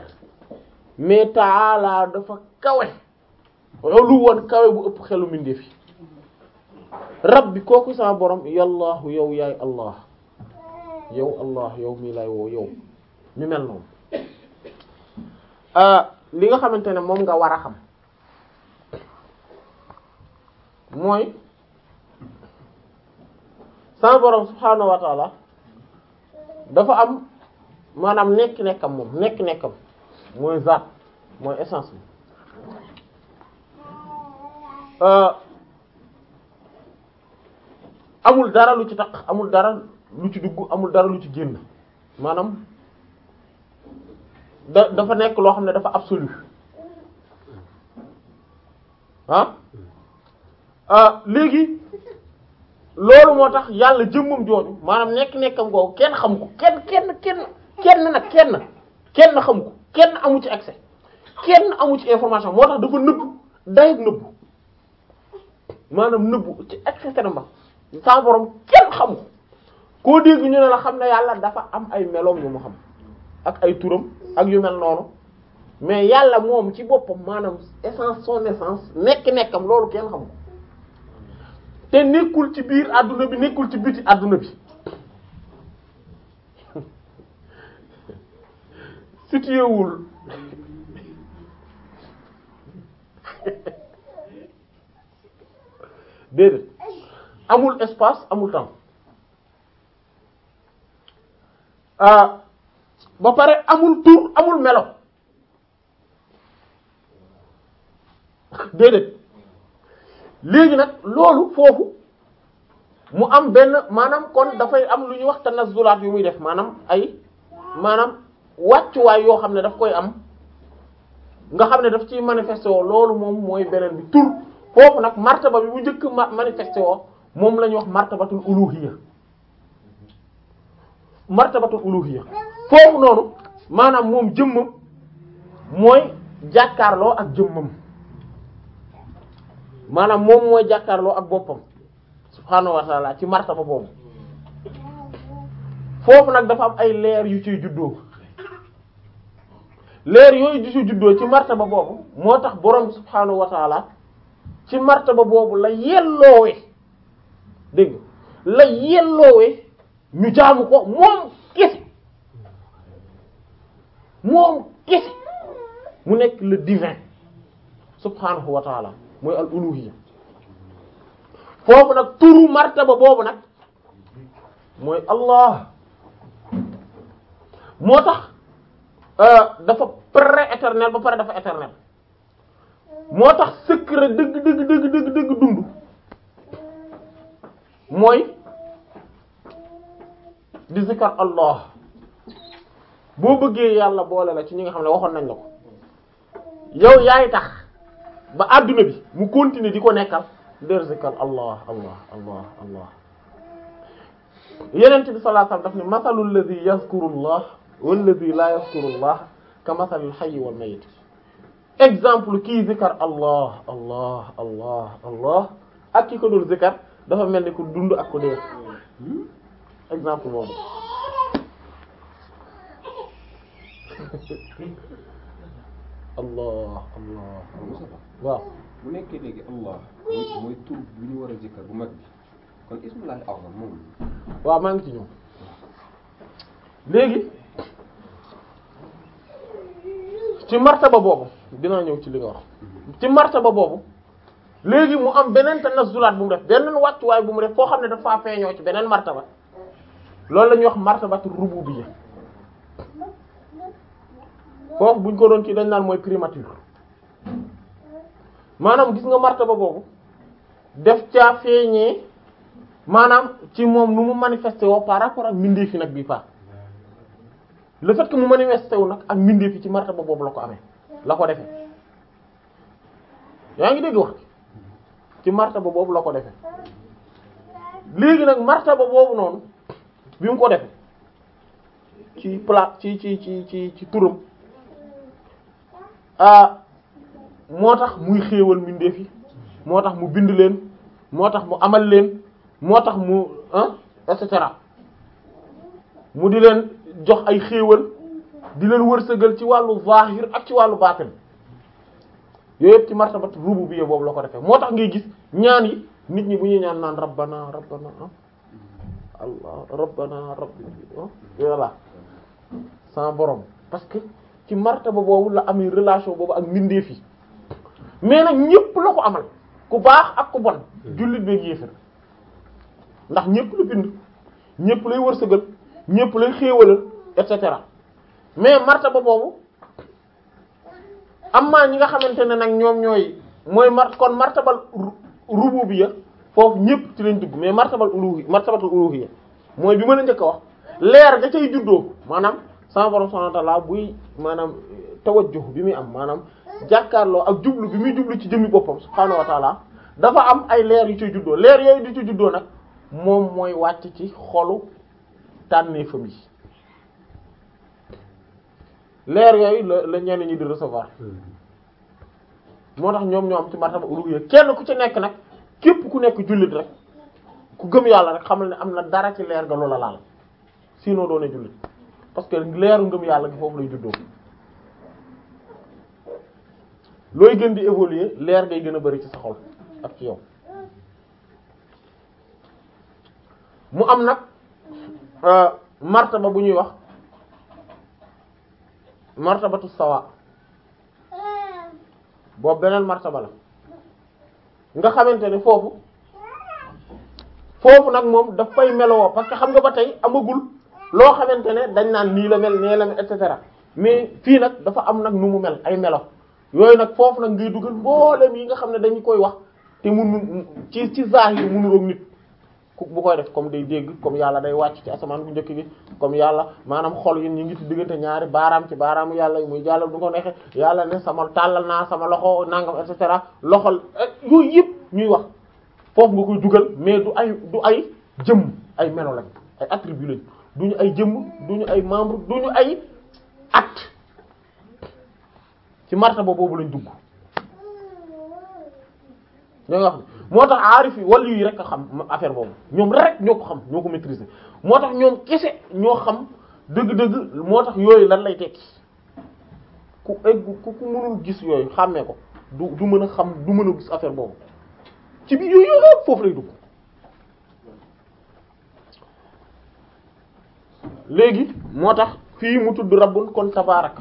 mais taala dafa kawe lu woon kawe bu ëpp xelu mbindeef yi rab bi kooku sama borom yallaahu yow yaay allah yow allah yow mii lay woo yow ñu mel noonu euh, li nga xamante ne moom nga war a xam mooy sama borom subhaanahu wa dafa am maanaam nekk nekkam moom nekk nekkam mooy zaat mooy essence bi euh, amul dara lu ci taq amul dara lu ci dugg amul dara lu ci génn maanaam da dafa nekk loo xam ne dafa absolu ah? ah léegi loolu moo tax yàlla jëmmam jooju maanaam nekk-nekkam googu kenn xam ko kenn kenn kenn kenn nag kenn kenn xam kenn amu ci accès kenn amu ci information moo tax dafa nëbbu dayeg nëbbu maanaam nëbbu ci extrêmement sans borom kenn xam ko koo dégg ñu ne la xam ne yàlla dafa am ay meloom yu mu xam ak ay turam ak yu mel noonu mais yàlla moom ci boppam maanaam essence son essence nekk-nekkam loolu kenn xam ko te nekkul ci biir àdduna bi nekkul ci biti àdduna bi situéwul déedéet amul espace amul temps ah, ba pare amul tur amul melo déedéet léegi nag loolu foofu mu am benn maanaam kon dafay am lu ñuy wax tanazzulaat yu muy def maanaam ay maanaam wàccuwaay yoo xam ne daf koy am nga xam ne daf ciy manifesté woo loolu moom mooy beneen bi tur foofu nag martaba bi bu njëkk ma manifesté woo moom la ñuy wax martabatul uluhiyya martabatul uluhiyya foofu noonu maanaam moom jëmmam mooy jàkkaarloo ak jëmmam maanaam moom mooy jàkkaarloo ak boppam subhaanahu wa ta'ala ci martaba boobu foofu nag dafa am ay leer yu ciy juddoo leer yooyu yu ciy juddoo ci martaba boobu moo tax boroom bi subhaanahu wa ta'ala ci martaba boobu la yelloowe dégg la yelloowe ñu jaamu ko moom moom kese mu nekk le divin subhanahu wa taala mooy al uluhiyya foofu nag turu martaba boobu nag mooy allah moo tax euh, dafa pré-éternel ba pare dafa éternel moo tax secret dëgg dëgg dëgg dëgg dëgg mooy di zikar allah boo bëggee yàlla boole la ci ñi nga xam ne waxoon nañ la ko yow yaay tax ba adduna bi mu continuer di ko nekkal derzikal allah allah allah allah yeneen bi sallallahu alayhi daf ne masalul allah wal ladhi la yazkuru allah ka masalil hayy wal allah allah allah allah ak ki ko dul dafa mel ni ku dund ak ku dee hmm? exemple boobu allah allah waaw bu nekkee léegi allah mooy tur war a jëkkër bu mag bi kon ismullahi al waaw maa ngi ci ñëw léegi ci martaba boobu dinaa ñëw ci li nga wax ci martaba boobu léegi mu am beneen tanazzulaat bu mu def beneen wàccuwaay bu mu def foo xam ne dafa feeñoo ci beneen martaba loolu la ñuy wax martabatu rububiyya kooku buñ ko doon ci dañ naan mooy primature maanaam gis nga martaba boobu def caa feeñee maanaam ci moom nu mu manifesté woo par rapport ak mbindee fi nag bi pas le mu manifesté wu nag ak mbindee fi ci martaba boobu la ko amee la ko defee yaa ngi dégg wax ci ba boobu la ko defee léegi nag martaba boobu noonu bi mu ko defee ci plat ci ci ci ci ci turam moo tax muy xéewal mbindeef yi moo tax mu bind leen moo tax mu amal leen moo tax mu et cetera mu di leen jox ay xéewal di leen wërsëgal ci wàllu zahir ak ci wàllu baatin yooyu yëpp ci martabat rubu bi boobu la ko defee moo tax ngay gis ñaan yi nit ñi bu ñuy ñaan naan rabbana rabbana allah rabbana rabbi voilà sans borom parce que ci martaba boobu la amee relation boobu ak mbindeef yi mais nag ñépp la ko amal ku baax ak ku bon jullit beeg yéefar ndax ñépp la bind ñépp lay wërsëgal ñépp lay xéewalal et cetera mais martaba boobu am na ñi nga xamante ne nag ñoom ñooy mooy mart kon martabal rububiyya foofu ñépp ci lañ dugg mais martabal uluhiyya martabatul uluhiyya mooy bi ma la njëkk a wax leer da cay juddoo maanaam sama borom subhanahu wa ta'ala buy maanaam tawajjuh bi muy am maanaam jàkkaarloo ak jublu bi muy jublu ci jëmmi boppam subhanahu wa dafa am ay leer yu ci juddoo leer yooyu di ci juddoo nag moom mooy wàcc ci xolu tànneefam yi leer yooyu la la ñenn ñi di recevoir moo tax ñoom ñoo am ci martaba uluhiyya kenn ku ci nekk nag képp ku nekk jullit rek ku gëm yàlla rek xamal ne am na dara ci leer ga loola laal sinon doone jullit parce que leeru ngëm yàlla gi foofu lay juddoo looy gën di évoluer leer ngay gën a bari ci sa xol ak ci yow mu am nag euh, martaba bu ñuy wax martabatu sawa boobu beneen martaba la nga xamante ne foofu foofu nag moom daf fay melowoo parce que xam nga ba tey amagul loo xamante ne dañ naan nii la mel nee mel et cetera mais fii nag dafa am nag nu mu mel ay melo yooyu nag foofu nag ngay dugal mboolem yi nga xam ne dañu koy wax te munu ci ci zahir munu roog nit bu koy def comme day dégg comme yàlla day wàcc ci asamaan bu njëkk bi comme yàlla maanaam xol yi ñu ngi ci diggante ñaari baaraam ci baaraamu yàlla yi muy jàllal du ko neexee yàlla ne sama tàllal naa sama loxo nangam et loxol eh, yooyu yëpp ñuy wax foofu nga koy dugal mais du ay du ay jëm ay melo lañ ay duñu ay jëmm duñu ay membre duñu ay at ci martaba boobu lañ dugg ñoo nga moo tax aarif yi wàllu yi rek a xam affaire boobu ñoom rek ñoo ko xam ñoo ko maîtriser moo tax ñoom kese ñoo xam dëgg-dëgg moo tax yooyu lan lay tekki ku egg ku ku mënul gis yooyu xàmmee ko du du mën a xam du mën a gis affaire boobu ci biir yooyu foofu lay dugg léegi moo tax fii mu tudd rabbun kon tabaarak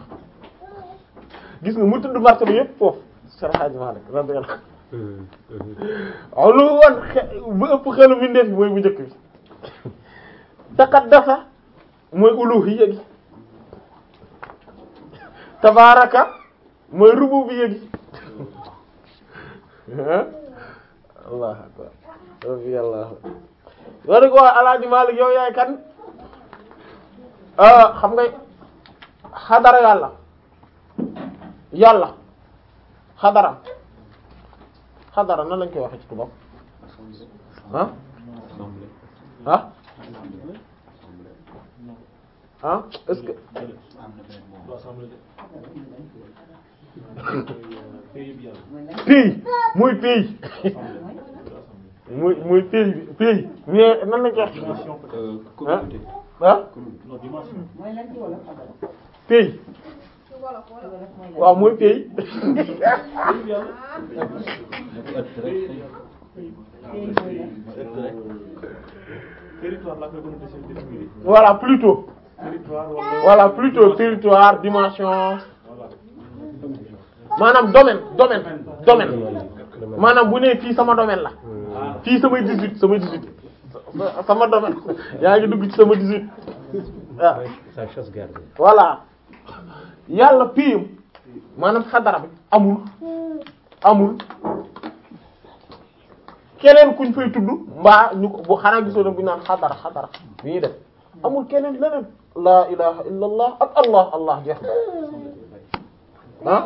gis nga mu tudd martaba yépp foofu bu ëpp xelu bindeef bi mooy bu njëkk bi taqaddasa mooy uluhiyya gi tabaaraka mooy Allah akbar radiyallahu ko Alaaji Malick yow yaay kan Euh, xam nga xadara yàlla yàlla xadara xadara nan lañ koy waxee ci tubaab ah ah ah est-ce muy pays muy muy pays pays mais nan lañ ah pays waaw mooy pays voilà plutôt voilà plutôt territoire dimension maanaam domaine domaine domaine maanaam bu nee fii sama domaine la fii samay 18 samay 18 sama domaine yaa ngi dugg sama 18 waaw. Ah. Ah. sa chose gardée. voilà yàlla piyam maanaam xadara bi amul amul keneen kuñ fay tudd mbaa ñu ko bu xanaa gisoo naan xadara xadara bi ñuy amul keneen leneen. la ilaha illa allah ak allah allah jeex ah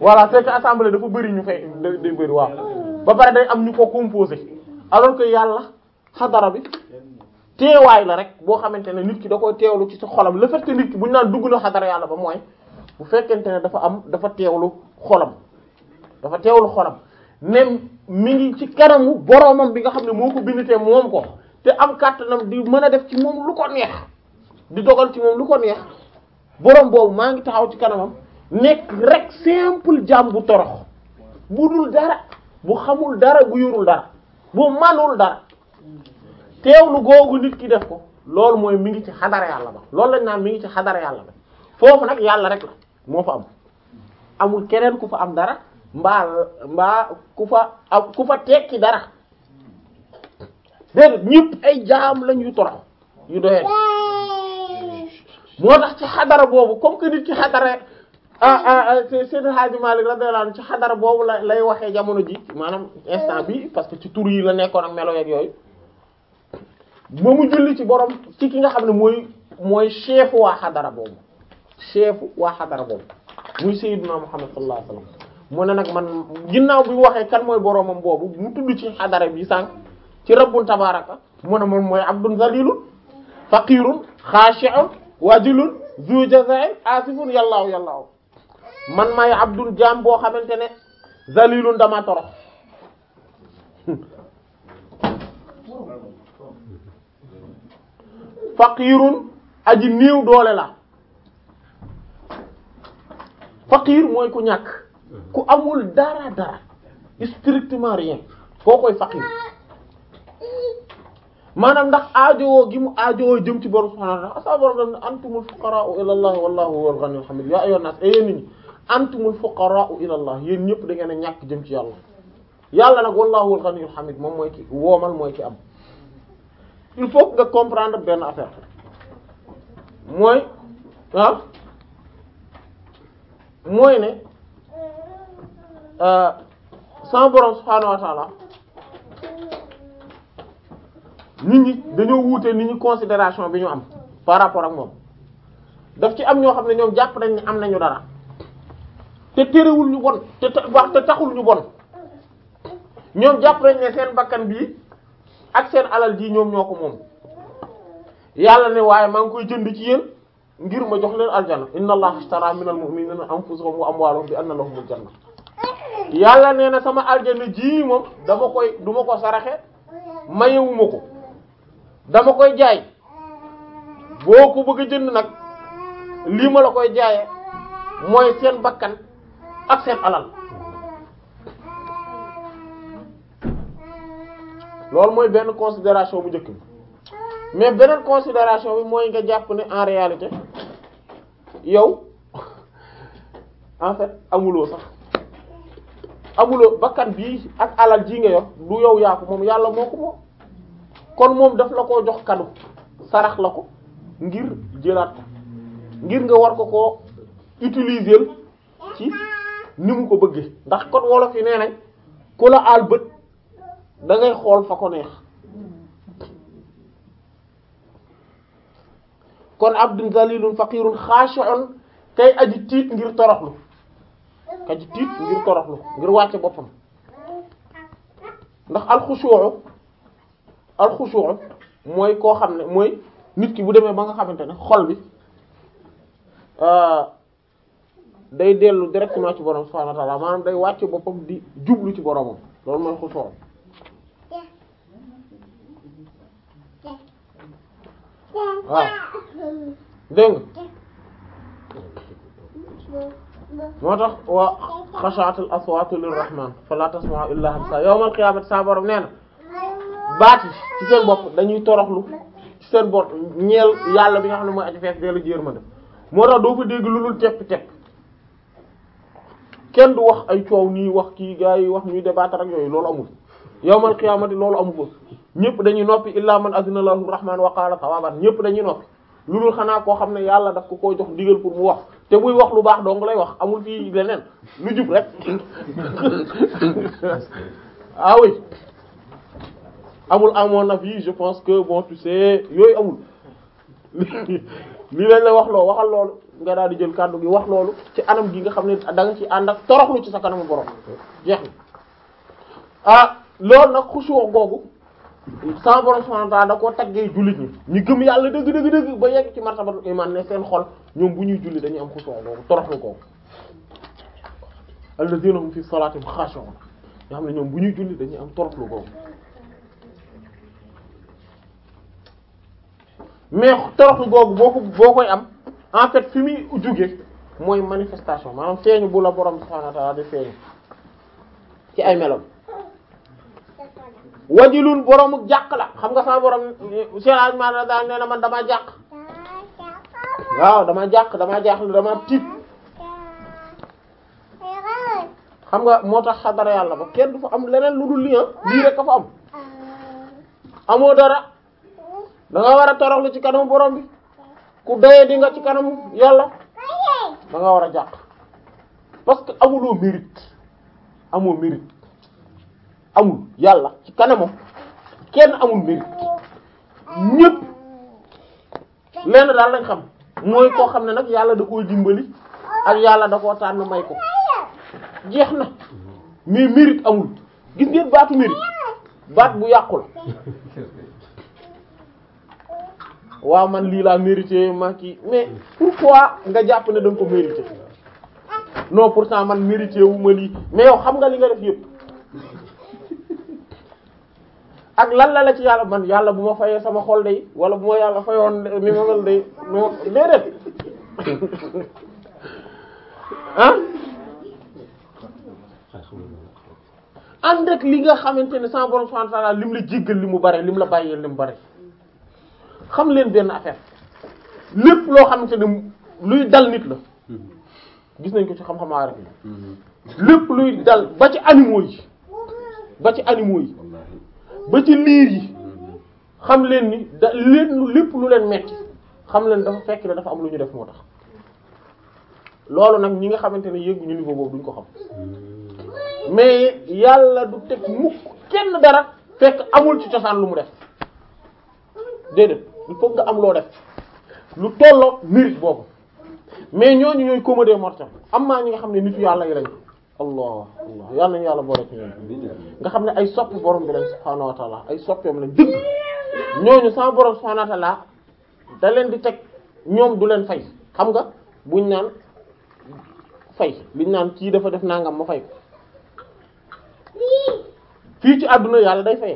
voilà c'est dafa bëri ñu fay day bëri waaw ba pare day am ñu ko composé alors que yàlla xadara bi teewaay la rek boo xamante ne nit ki da koy teewlu ci sa xolam le fekk nit ki bu ñu naan dugg na xadara yàlla ba mooy bu fekkente ne dafa am dafa teewlu xolam dafa teewlu xolam même mi ngi ci kanamu boromam bi nga xam ne moo ko bind te moom ko te am kàttanam di mën a def ci moom lu ko neex di dogal ci moom lu ko neex borom boobu maa ngi taxaw ci kanamam nekk rek simple jaam bu torox bu dul dara bu xamul dara bu yorul dara bu manul dara teewlu googu nit ki def ko loolu mooy mi ngi ci xadara yàlla ba loolu lañ naan mi ngi ci xadara yàlla ba foofu nag yàlla rek la moo fa am amul keneen ku fa am dara mbaa mbaa ku fa am tekki dara déedéet ñëpp ay jaam lañ yu torox yu doyee moo tax ci xadara boobu comme que nit ci xadara ah ah, ah Seydi Hadji Malick radiyallahu anhu ci xadara boobu la lay waxee jamono ji maanaam instant bi parce que ci tur yi la nekkoon ak melo yeeg yooyu ba mu julli ci borom ci ki nga xam ne mooy mooy chefu waa xadara boobu chefu waa xadara boobu muy sayyiduna Muhammad sallallahu mu ne nag man ginnaaw bi waxee kan mooy boromam boobu mu tudd ci xadara bi sànq ci rabbun tabaraka moo ne moom mooy abdun zalilun faqirun xaashi'un wajilun zu jaza'in asifun yallaahu yallaahu man may abdun jaam boo xamante ne zalilun dama torox faqirun aji néew doole la faqir mooy ku ñàkk ku amul dara dara strictement rien koo koy faqir maanaam ndax aajowoo gi mu aajowoo jëm ci borom subhanahu wa ta'ala asa borom dam ne antumul fuqara'u ila allah wallahu huwal ghaniyyul hamid yaa ayyuhan ila allah yéen ñëpp da ngeen a ñàkk jëm ci yàlla yàlla nag wallahu huwal ghaniyyul hamid moom mooy ki woomal mooy ki am il faut nga comprendre benn affaire mooy ah mooy ne euh, sama borom subhaanahu wa ta'ala nit ñi dañoo wuute nit ñi considération bi ñu am par rapport ak moom daf ci am ñoo xam ne ñoom jàpp nañ ne am nañu dara te terewul ñu bon te wax te taxul ñu bon ñoom jàpp nañ ne seen bakkan bii ak seen alal jii ñoom ñoo ko moom yàlla ne waaye maa ngi koy jënd ci yéen ngir ma jox leen aljana inna allaha ishtara minal mu'minina am wa amwalahum bi anna lahumul janna yàlla nee na sama aljana ji moom dama koy du ko saraxe mayewuma ko dama koy jaay boo ko bëgg a jënd nag lii ma la koy jaaye mooy seen bakkan ak seen alal loolu mooy benn considération bu njëkk bi mais beneen considération bi mooy nga jàpp ne en réalité yow en fait amuloo sax amuloo bakkan bii ak alal ji nga yor du yow yaa moom yàlla moo ko moom kon moom daf la koo jox kadu sarax la ko ngir jëlaat ko ngir nga war ko koo utiliser ci ni mu ko bëggee ndax kon wolof yi nee nañ ku la aal dangay ngay xool fa ko neex kon abdun zalilun faqirun xaashi'un kay aji tiit ngir toroxlu kaji tiit ngir toroxlu ngir wàcce boppam ndax alxushu'u alxushu'u mooy koo xam ne mooy nit ki bu demee ba nga xamante ne xol bi euh, day dellu directement ci borom subhanahu wa ta'ala maanaam day wàcce boppam di jublu ci boromam loolu mooy xushu'u waaw ah. dégg moo tax wa xashaatul aswaatu lirrahman fala tasma'u illa hamsa yawmal qiyaamati sa borom nee na baat yi ci seen bopp dañuy toroxlu ci seen bopp ñeel yàlla bi nga xam ne mooy aji fees dee la jéer ma def moo tax doo ko dégg lu dul tepp-tepp kenn du wax ay coow nii wax kii gaa yi wax ñuy débattre ak yooyu loolu amul yawmal qiyaamati loolu amu ko ñépp dañuy noppi illaa man azina lahu rahman wa qaala ñëpp dañuy noppi lu dul xanaa koo xam ne yàlla daf ko koo jox digal pour mu wax te buy wax lu baax dong lay wax amul fii leneen lu jub rek ah oui amul je pense que bon tu yooyu amul li leen la wax loo waxal loolu nga daal di jël kàddu gi wax loolu ci anam gi nga xam ne da nga ci ànd ak toroxlu ci sa kanamu borom jeex na ah loolu nag xusuwa googu sama borom subhanahu wa da koo taggee jullit ñi ñu gëm yàlla dëgg dëgg dëgg ba yegg ci martabatul iman ne seen xol ñoom bu ñuy julli dañuy am toroxlu ko alladhina hum fi salatihim khashu'un nga ñoom bu ñuy julli dañuy am toroxlu boobu mais toroxlu googu boo ko boo koy am en fait fi muy jóge mooy manifestation maanaam feeñu bu la borom subhanahu di feeñu ci ay melam wajilun boroomu jàq la xam nga sa borom Cheikh maanaam na man damaa jàq waaw dama jàq damaa jaaxle damaa tiit xam nga moo tax xadara yàlla ma kenn du fa am leneen lu dul lii ah. lii rek fa am amoo dara da war a toroxlu ci kanam borom bi ku doyee di ci kanam yàlla da war a jàq parce que amuloo mérite amoo mérite. amul yàlla ci kanamam kenn amul mérite ñépp lenn daal lañ xam mooy koo xam ne nag yàlla da koo dimbali ak yàlla da koo tànn may ko jeex na mais mérite amul gis ngeen baatu mérite baat bu yàqu la waaw man lii laa mérité ma kii mais pourquoi nga jàpp ne da nga ko mérité non pourtant man mérité lii mais yow xam nga li nga def yépp ak lan la la ci yàlla man yàlla bu ma fayee sama xol day wala bu ma yàlla fayoon mi ma mel day mi ma ah ànd ak li nga xamante ni sa borom subhanahu lim la jéggal li mu bare lim la bàyyee li mu bare xam leen benn affaire lépp loo xamante ne luy dal nit la gis nañ ko ci xam-xamaa rek mm-hmm. lépp luy dal ba ci animaux yi ba ci animaux yi ba ci liir yi xam leen ni da leen lépp lu leen metti xam leen dafa fekk ne dafa am lu ñu def moo tax loolu nag ñi nga xamante ne yëguñu niveau boobu duñ ko xam mais yàlla du teg mukk kenn dara fekk amul ci cosaan lu mu def déedéet il faut nga am loo def lu tolloog mérite boobu mais ñooñu ñooy comédie mortelle am naa ñi nga xam ne nitu yàlla yi lañu allah allah yal nañu yàlla boole ci ñoom nga xam ne ay soppi borom bi lañ subhaanahu wa taala ay soppeem lañ dëgg ñooñu sama borom subhaanahu wa taala da di teg ñoom du leen fay xam nga buñ naan fay liñ naan kii dafa def nangam ma fay ko fii ci àdduna yàlla day fay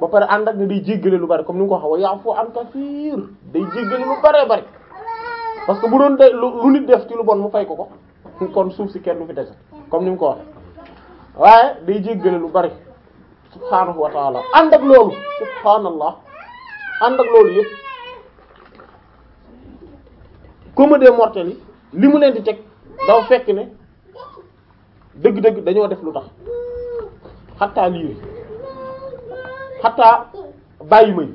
ba pare ànd ak ne day jéggale lu bari comme ni nga ko waxee wa ya'fu an kaseer day jéggale lu baree bari parce que bu doon day lu nit def ci lu bon mu fay ko ko kon suuf si kenn du fi dese comme ni mu ko wax waaye day jéggale lu bari subhaanahu wa taala ànd ak loolu subhaanallah ànd ak loolu yëpp comme des mortels yi li mu leen di teg dafa fekk ne dëgg-dëgg dañoo def lu tax xataa lii xataa bàyyi may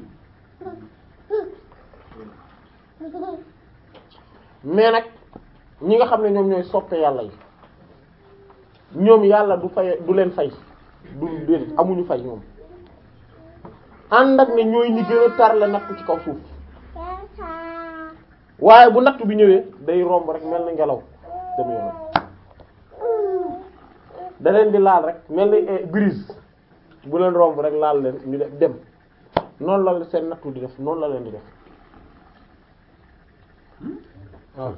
mais nag ñi nga xam ne ñoom ñooy soppe yàlla yi ñoom yàlla du fay du leen fay du leen amuñu fay ñoom ànd ak ne ñooy ñi gën a tar la ci kaw suuf waaye bu natt bi ñëwee day romb rek mel na ngelaw dem yoonam da di laal rek mel ni brise eh, bu leen romb rek laal leen ñu def dem noonu la seen nattu di def noonu la leen di def hmm? ah,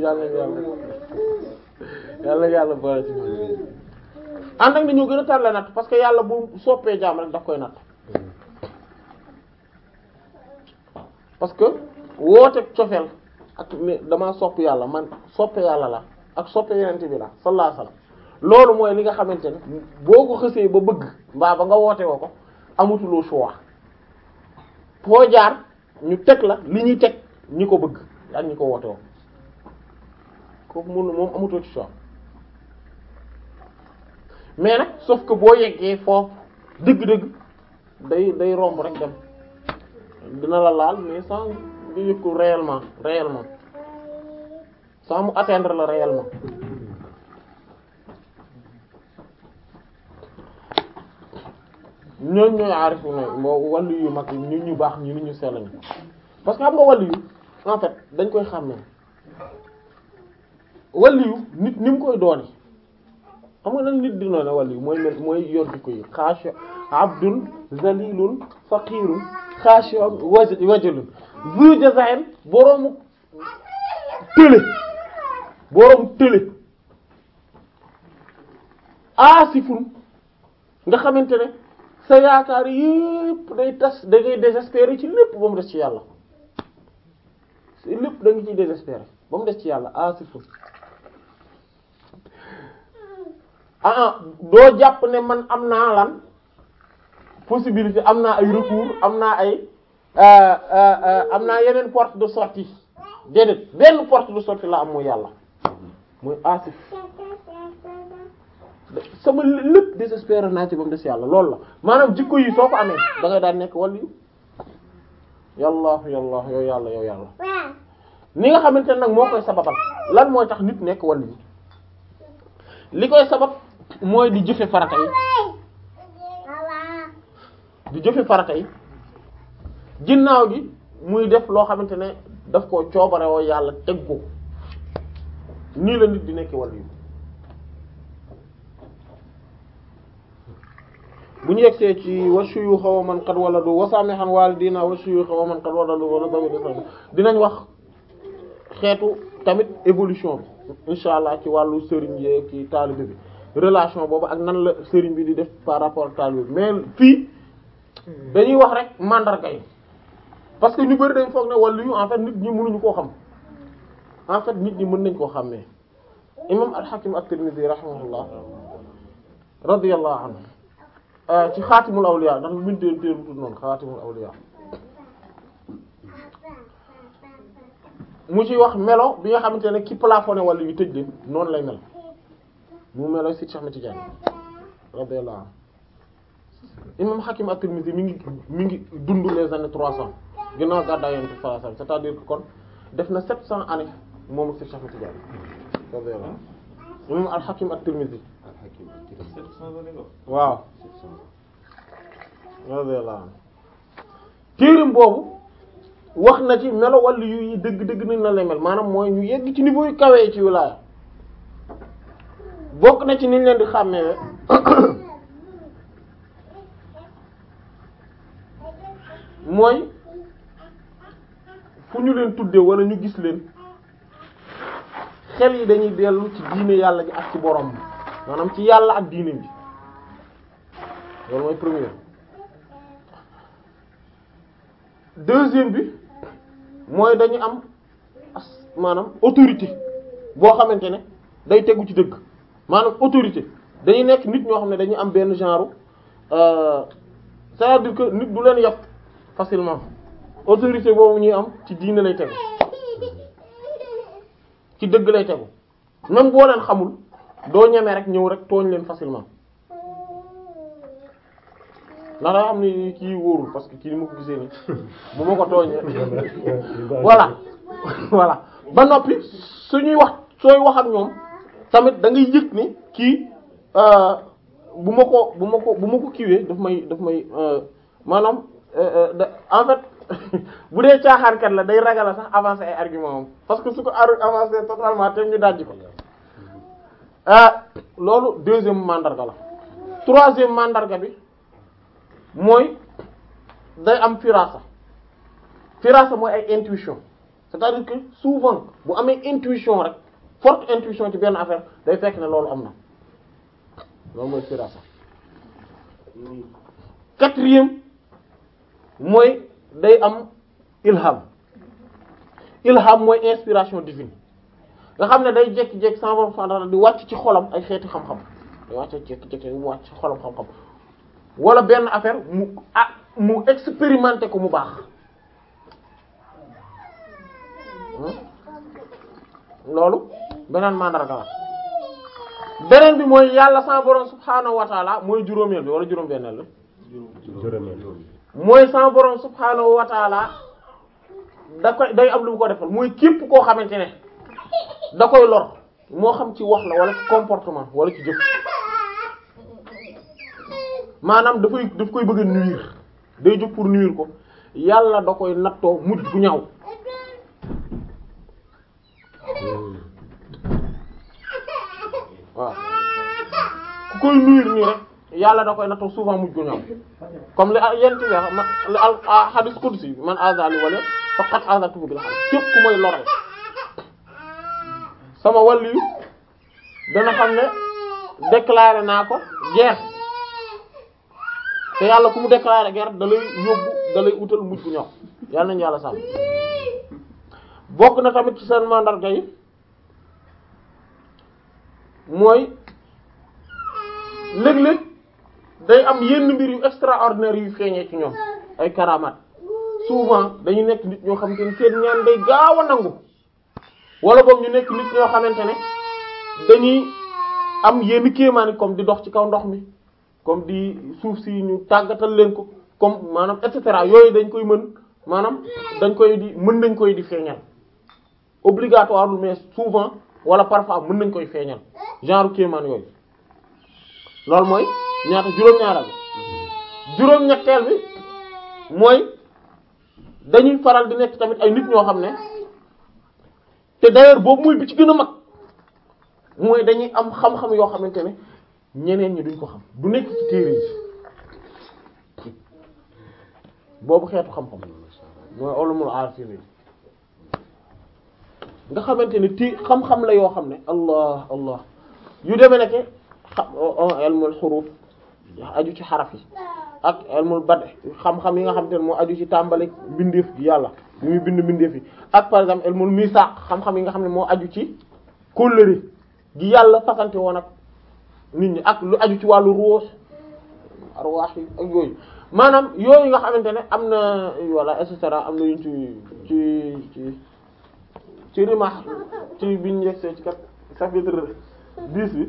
yàlla yàlla yàlla yàlla boole ci ñun ni ñu gën a tàlle natt parce que yàlla bu soppee jaam rek daf koy natt parce que woote cofeel ak damaa sopp yàlla man soppe yàlla la ak soppe yenente bi la sallallahu alayhi loolu mooy li nga xamante ne boo ko xësee ba bëgg mbaa ba nga woote woo ko amutuloo choix foo jaar ñu teg la li ñuy teg ñu ko bëgg ak ñu ko woote woo kooku mun moom amatoo ci choix mais nag sauf que boo yeggee foofu dëgg-dëgg day day romb rek dem dina la laal mais sans nga yëg ko réellement réellement sans mu atteindre la réellement ñooñ ñooy aarifu na moo wàllu yu mag ñu ñu baax ñu ni ñu sell parce que xam nga wàllu yu en fait dañ koy xàmmee waliyu nit ni mu koy doone xam nga lan nit di doone waliyu mooy mel mooy yor jikko yi xaashi abdun zalilun faqirun xaashi wajulun zu jazain boroomu tële boroomu tële aasifun nga xamante ne sa yaakaar yépp day tas da ngay ci lépp ba mu des ci yàlla lépp da nga ciy désespéré ba mu des ci yàlla aasifun ah doo jàpp ne man am naa lan possibilité am naa ay recours am naa ay euh, euh, euh, am naa yeneen porte de sortie déedéet benn porte de sortie la am mooy yàlla mooy asif sama lépp désespéré naa ci ba mu des yàlla loolu la maanaam jikko yi soo ko amee da ngay daan nekk wàll yu yàlla yàlla yàlla yow yàlla ni nga xamante nag moo koy sababal lan mooy tax nit nekk wàll yi li koy sabab mooy di jëfe farata yi di jëfe farata yi ginnaaw gi muy def loo xamante ne daf koo coobarewoo yàlla teg ko nii la nit di nekk wàllu yi bu ñu yegsee ci wasuyu xaw man qad waladu wasaamixan waalidina wasuyu xaw man qad waladu wala bami dinañ wax xeetu tamit évolution bi incha allah ci wàllu sëriñ yeeg ci taalibe bi relation boobu ak nan la sëriñ bi di def par rapport ak taalibe mais fii dañuy wax rek mandarga yi parce que ñu bari dañ foog ne wala yu en fait nit ñi mënuñu koo xam en fait nit ñi mën nañ koo xàmmee imam al-Hakim at-Tirmidhi rahimahullah euh, ci xaatimul awliya ndax minu teen téerutud noonu xaatimul awliya mu ci wax melo bi nga xamante ne ki plafonné wala yu tëj leen noonu lay mel mu melo si Cheikh Ahmed Tidiane radiyallahu anhu imam Hakim at-Tirmidhi mi ngi mi ngi dund les années trois cent ginnaaw gàddaay Yonent bi sallallahu alayhi wasallam cest à kon def na sept cent années moom ak si Cheikh Ahmed Tidiane radiyallahu anhu imam al-Hakim at-Tirmidhi waaw radiyallahu boobu wax na ci melo wàllu yu yi dëgg dëgg nañ na lay mel maanaam mooy ñu yegg ci ni yu kawe ci wilaaya bokk na ci niñ leen di xàmmee mooy fu ñu leen tuddee wala ñu gis leen xel yi dañuy dellu ci diine yàlla ji ak ci borom bi maanaam ci yàlla ak diine bi loolu mooy premier deuxième bi mooy dañu am maanaam autorité boo xamante ne day tegu ci dëgg maanaam autorité dañuy nekk nit ñoo xam ne dañuy am benn genre euh, c'est-à-dire nit du leen yàpp facilement autorité boobu ñuy am ci diine lay tegu ci dëgg lay tegu même boo leen xamul doo ñemee rek ñëw rek tooñ leen facilement ndax daa xam ni kii wóorul parce que kii ni ma ko gisee ni bu ma ko tooñee voilà voilà ba noppi su ñuy wax sooy wax ak ñoom tamit da ngay yëg ni kii euh, bu ma ko bu ma ko bu ma ko kiiwee daf may daf may euh, maanaam euh, da en fait bu dee caaxaankat la day ragal sax avancer ay argument am parce que su ko avancer totalement te ñu dajji ko ah loolu deuxième mandarga la troisième màndarga bi mooy day am firasa firasa mooy ay intuition c'est-à-dire que souvent bu amee intuition rek forte intuition ci benn affaire day fekk ne loolu am na loolu mooy firasa quatrième mooy day am ilham ilham mooy inspiration divine nga xam ne day jékki-jékki sans borom subhaanahu di wàcc ci xolam ay xeeti xam-xam day wàcc jékki-jékki ci xolam xam-xam wala benn affaire mu ah mu expérimenter ko mu baax hmm? loolu beneen mandarga la beneen bi mooy yàlla saa borom subhaanahu wa taala mooy juróomeel bi wala juróom-benneel la. juróomeel mooy sa borom subhaanahu wa taala da koy day am lu mu ko defal mooy képp koo xamante ne da koy lor moo xam ci wax la wala ci comportement wala ci jëf maanaam dafay daf koy bëgg a nuire day jóg pour nuire ko yàlla da koy nattoo mujj bu ñaw waaw ku koy nuyu nii rek yàlla da koy nattu souvent mujj ñoom comme li yent bi ma li al ah, hadith qudsi man azali wala faqat azatu bil hadith képp ku may lore sama wàll yi dana xam ne déclaré naa ko guerre te yàlla ku mu déclaré guerre da yóbbu da lay utal mujj ñoom yàlla nañu yàlla sàmm bokk na tamit ci seen mandarga yi mooy léeg-léeg day am yenn mbir yu extraordinaire yu feeñee ci ñoom ay karamaat souvent dañu nekk nit ñoo xam ne seen ñaan day gaaw a nangu wala boog ñu nekk nit ñoo xamante ne dañuy am yenn kéemaani comme di dox ci kaw ndox mi comme di suuf si ñu tàggatal leen ko comme maanaam et cetera yooyu dañ koy mën maanaam dañ koy di mën nañ koy di feeñal obligatoire mais souvent wala parfois mën nañ koy feeñal genre kéemaan yooyu loolu mooy ñaata juróom-ñaaral juróom-ñetteel bi mooy dañuy faral di nekk tamit ay nit ñoo xam ne te d'ailleurs boobu mooy bi ci gën a mag mooy dañuy am xam-xam yoo xamante ne ñeneen ñi duñ ko xam du nekk ci téere boobu xeetu xam-xam mooy ulumul arif nga xamante ni ti xam-xam la yoo xam ne allah allah yu demee neke xam ilmul xuruf aju ci xaraf yi ak ilmul bad xam-xam yi nga xamante ne moo aju ci tàmbali bindeef gi yàlla li bind bindeef yi ak par exemple ilmul misaq xam-xam yi nga xam ne moo aju ci kóllëre gi yàlla fasante woon ak nit ñi ak lu aju ci wàllu ruux arwaax yi yooyu maanaam yooyu nga xamante ne am na voilà et am na yuñ ci ci ci Rimah ci biñ yegsee ci kat chapitre dix bi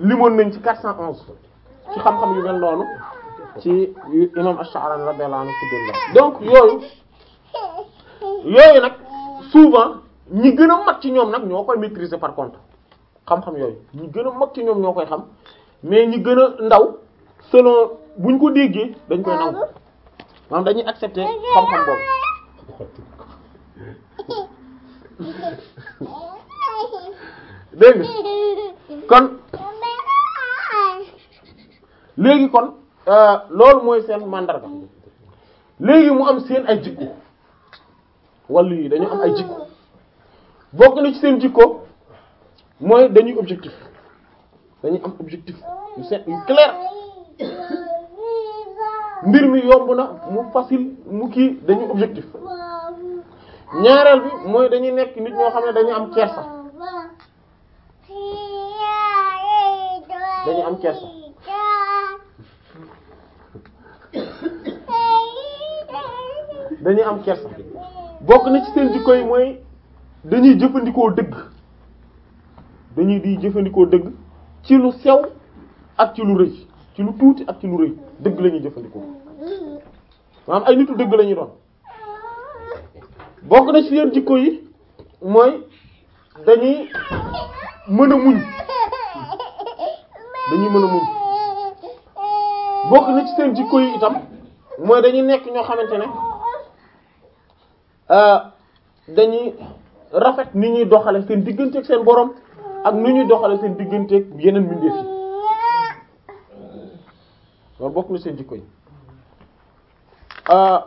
limoon nañ ci quatre cent onze ci xam-xam yu mel noonu ci imam Ash-Sha'rani radiyallahu anhu tuddul la donc yooyu yooyu nag souvent ñi gën a mag ci ñoom nag ñoo koy maîtriser par contre xam-xam yooyu ñi gën a mag ci ñoom ñoo koy xam mais ñi gën a ndaw selon buñ ko déggee dañ koy nangu maanaam dañuy accepter xam-xam boobu dégg kon léegi kon euh, loolu mooy seen màndarga léegi mu am seen ay jikko wàllu dañu am ay jikko bokk na ci seen jikko mooy dañuy objectif dañuy am objectif yu set mbir mi yomb na mu facile mu kii dañu objectif ñaareel bi mooy dañuy nekk nit ñoo xam ne dañuy am kersa dañuy am kersa dañuy am kersa bokk na ci seen jikko yi mooy dañuy jëfandikoo dëgg dañuy di jëfandikoo dëgg ci lu sew ak ci lu rëy ci lu tuuti ak ci lu rëy dëgg la ñuy jëfandikoo maanaam ay nitu dëgg lañuy ñuy doon. bokk na ci seen jikko yi mooy dañuy mën a muñ dañuy mën a muñ bokk na ci seen jikko yi itam mooy dañuy nekk ñoo xamante ne euh, dañuy rafet ni ñuy doxale seen diggante seen borom ak ni ñuy doxale seen diggante yeneen mbindeef yi loolu bokk na seen jikko yi euh,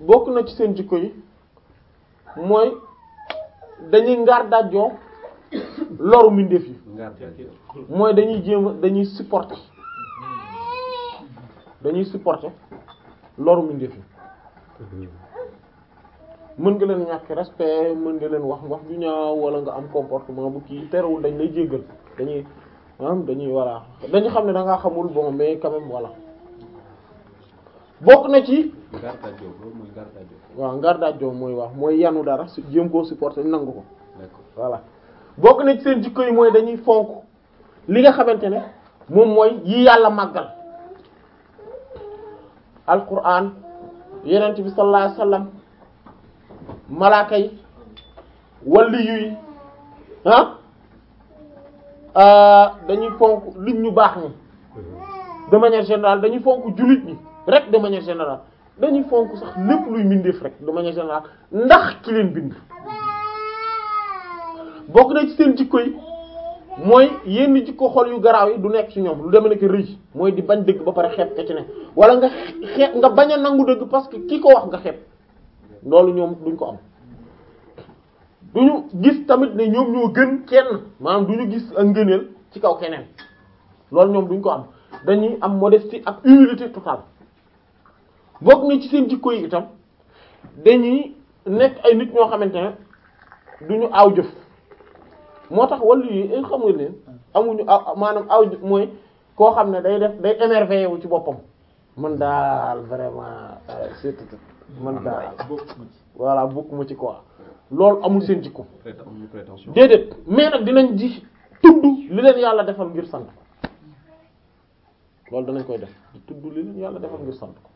bokk na ci seen jikko yi mooy dañuy ngaar dajjoo loru mbindeef yi mooy dañuy jéem a dañuy supporte dañuy supporter loru mbindeef yi mën nga leen ñàkk respect mën nga leen wax wax ju ñaaw wala nga am comportement bu kii terewul dañ lay jéggal dañuy am ah, dañuy voilà dañu xam ne danga xamul bon mais quand même bokk na ci ngardaajoo loolu mooy waaw ngardaajoo mooy wax mooy yanu dara su jéem koo supporter nangu ko. d'accord voilà bokk na ci seen jikko yi mooy dañuy fonk li nga xamante ne moom mooy yi yàlla màggal. alquran yonent bi sallallahu alayhi wasallam malaaka yi waliyu yi ah, ah dañuy fonk nit ñu baax ñi de manière dañuy fonk jullit ñi rek de manière dañuy fonk sax lépp luy mbindeef rek de manière générale ndax ki leen bind bokk na ci seen jikko yi mooy yenn jikko xol yu garaaw yi du nekk ci ñoom lu deme nekk rëy mooy di bañ dëgg ba pare xeeb ka ci ne wala nga xeeb nga bañ a nangu dëgg parce que ki ko wax nga xeeb loolu ñoom duñ ko am duñu gis tamit ne ñoom ñoo gën kenn maanaam duñu gis ak ngëneel ci kaw keneen loolu ñoom duñ ko am dañuy am modestie ak humilité totale bokk na ci seen jikko yi itam dañuy nekk ay nit ñoo xamante ne ñu aw jëf moo tax wàllu yi eh, xam leen amuñu aw maanaam aw jëf mooy koo xam ne day def day émerveillé wu ci boppam man daal vraiment euh, surtout man daal voilà bokkuma ci quoi loolu amul seen jikko déedéet mais nag dinañ ji tudd li leen yàlla defal ngir sant ko loolu danañ koy def di tudd li leen yàlla defal ngir sant ko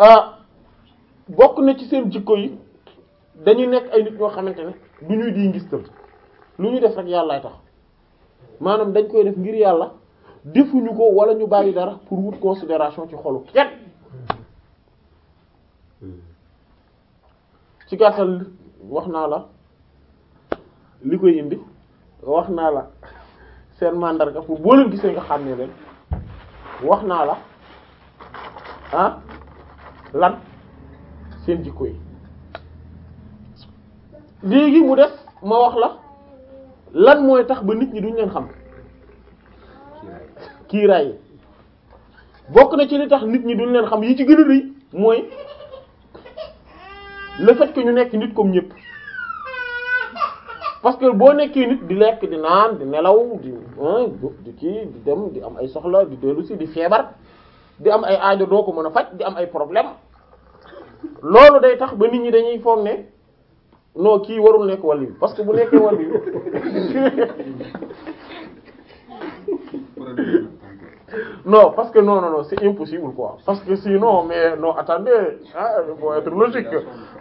Euh, bokk na ci seen jikko yi dañuy nekk ay nit ñoo xamante ne du ñuy di ngistal lu ñu def rek yàllaay tax maanaam dañ koy def ngir yàlla defuñu ko wala ñu bàyyi dara pour wut considération ci xolu kenn ci gàttal wax naa la li koy indi wax naa la seen mandarga pour boo leen gisee nga xam ne leen wax naa la ah, lan seen jikko yi léegi mu def ma wax la lan mooy tax ba nit ñi duñ leen xam kiiraay yi bokk na ci li tax nit ñi duñ leen xam yi ci gën a mooy le ko ñu nekk nit comme ñépp parce que boo nekkee nit di lekk di naan di nelaw di di kii di dem di am ay soxla di dellu si di feebar di am ay aajo doo ko mën a faj di am ay problème loolu day tax ba nit ñi dañuy foog ne non kii warul nekk wàll parce que bu nekkee wàll no parce que no non non c'est impossible quoi parce que sinon mais non attendez ah il faut être logique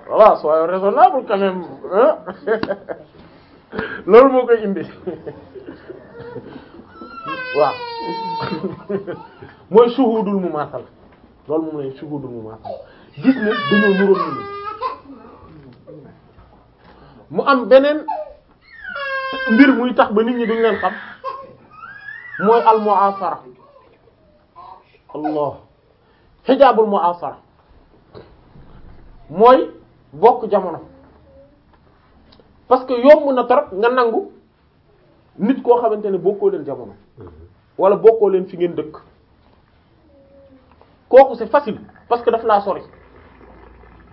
voilà soyons raisonnables loolu moo koy indi waaw mooy shuhudul mumaasal loolu moom lañ shuhudul mumaasal gis ne dañoo nuróon ñu mu am beneen mbir muy tax ba nit ñi duñ leen xam mooy al mu'asara allah xijaabul mu'asara mooy bokk jamono parce que yomb na trop nga nangu nit koo xamante ne bokkoo leen jamono wala bokkoo leen fi ngeen dëkk kooku c'est facile parce que daf laa sori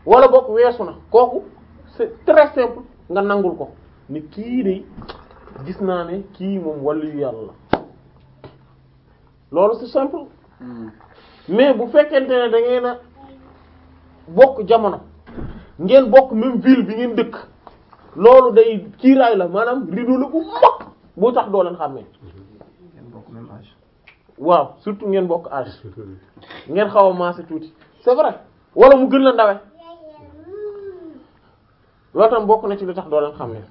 wala bokk weesu na kooku c'est très simple nga nangul ko ni kii de gis naa ne kii moom wàllu yàlla la loolu c'est simple hmm. mais bu fekkente ne da ngeen a bokk jamono ngeen bokk même ville bi ngeen dëkk loolu day kiiraay la maanaam rido la bu mag boo tax doo leen xàmmee waaw surtout ngeen bokk âge ngeen xaw a maase tuuti c'est vrai wala mu gën la ndawe loolu tam bokk na ci lu tax doo leen xam ne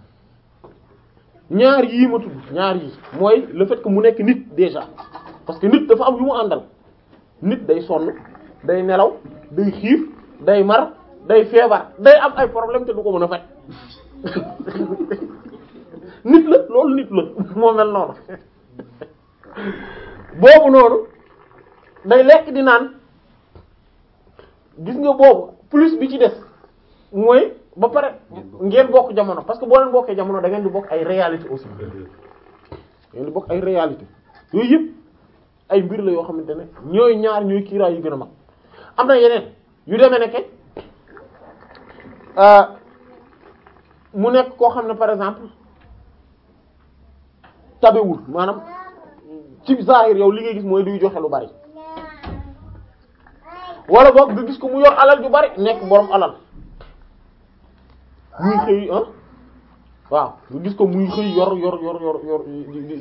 ñaar yii ma tudd ñaar yii mooy le fait mu nekk nit déjà parce que nit dafa am yu mu àndal nit day sonn day nelaw day xiif day mar day feebar day am ay problème te du ko mën a faj nit la loolu nit la moo mel noonu boobu noonu day lekk di naan gis nga boobu plus bi ci des mooy ba pare ngeen bokk jamono parce que boo leen bokkee jamono da ngeen di bokk ay réalité aussi da ngeen di bokk ay réalité yooyu yëpp ay mbir la yoo xamante ne ñooy ñaar ñooy kiiraay yu gën a mag am na yeneen yu demee nekke euh, mu nekk koo xam ne par exemple tabewul maanaam ci zahir yow li ngay gis mooy duy joxe lu bari wala boog nga gis ko mu yor alal ju bari nekk borom alal muy xëy ah waaw nga gis ko muy xëy yor yor yor yor yor di di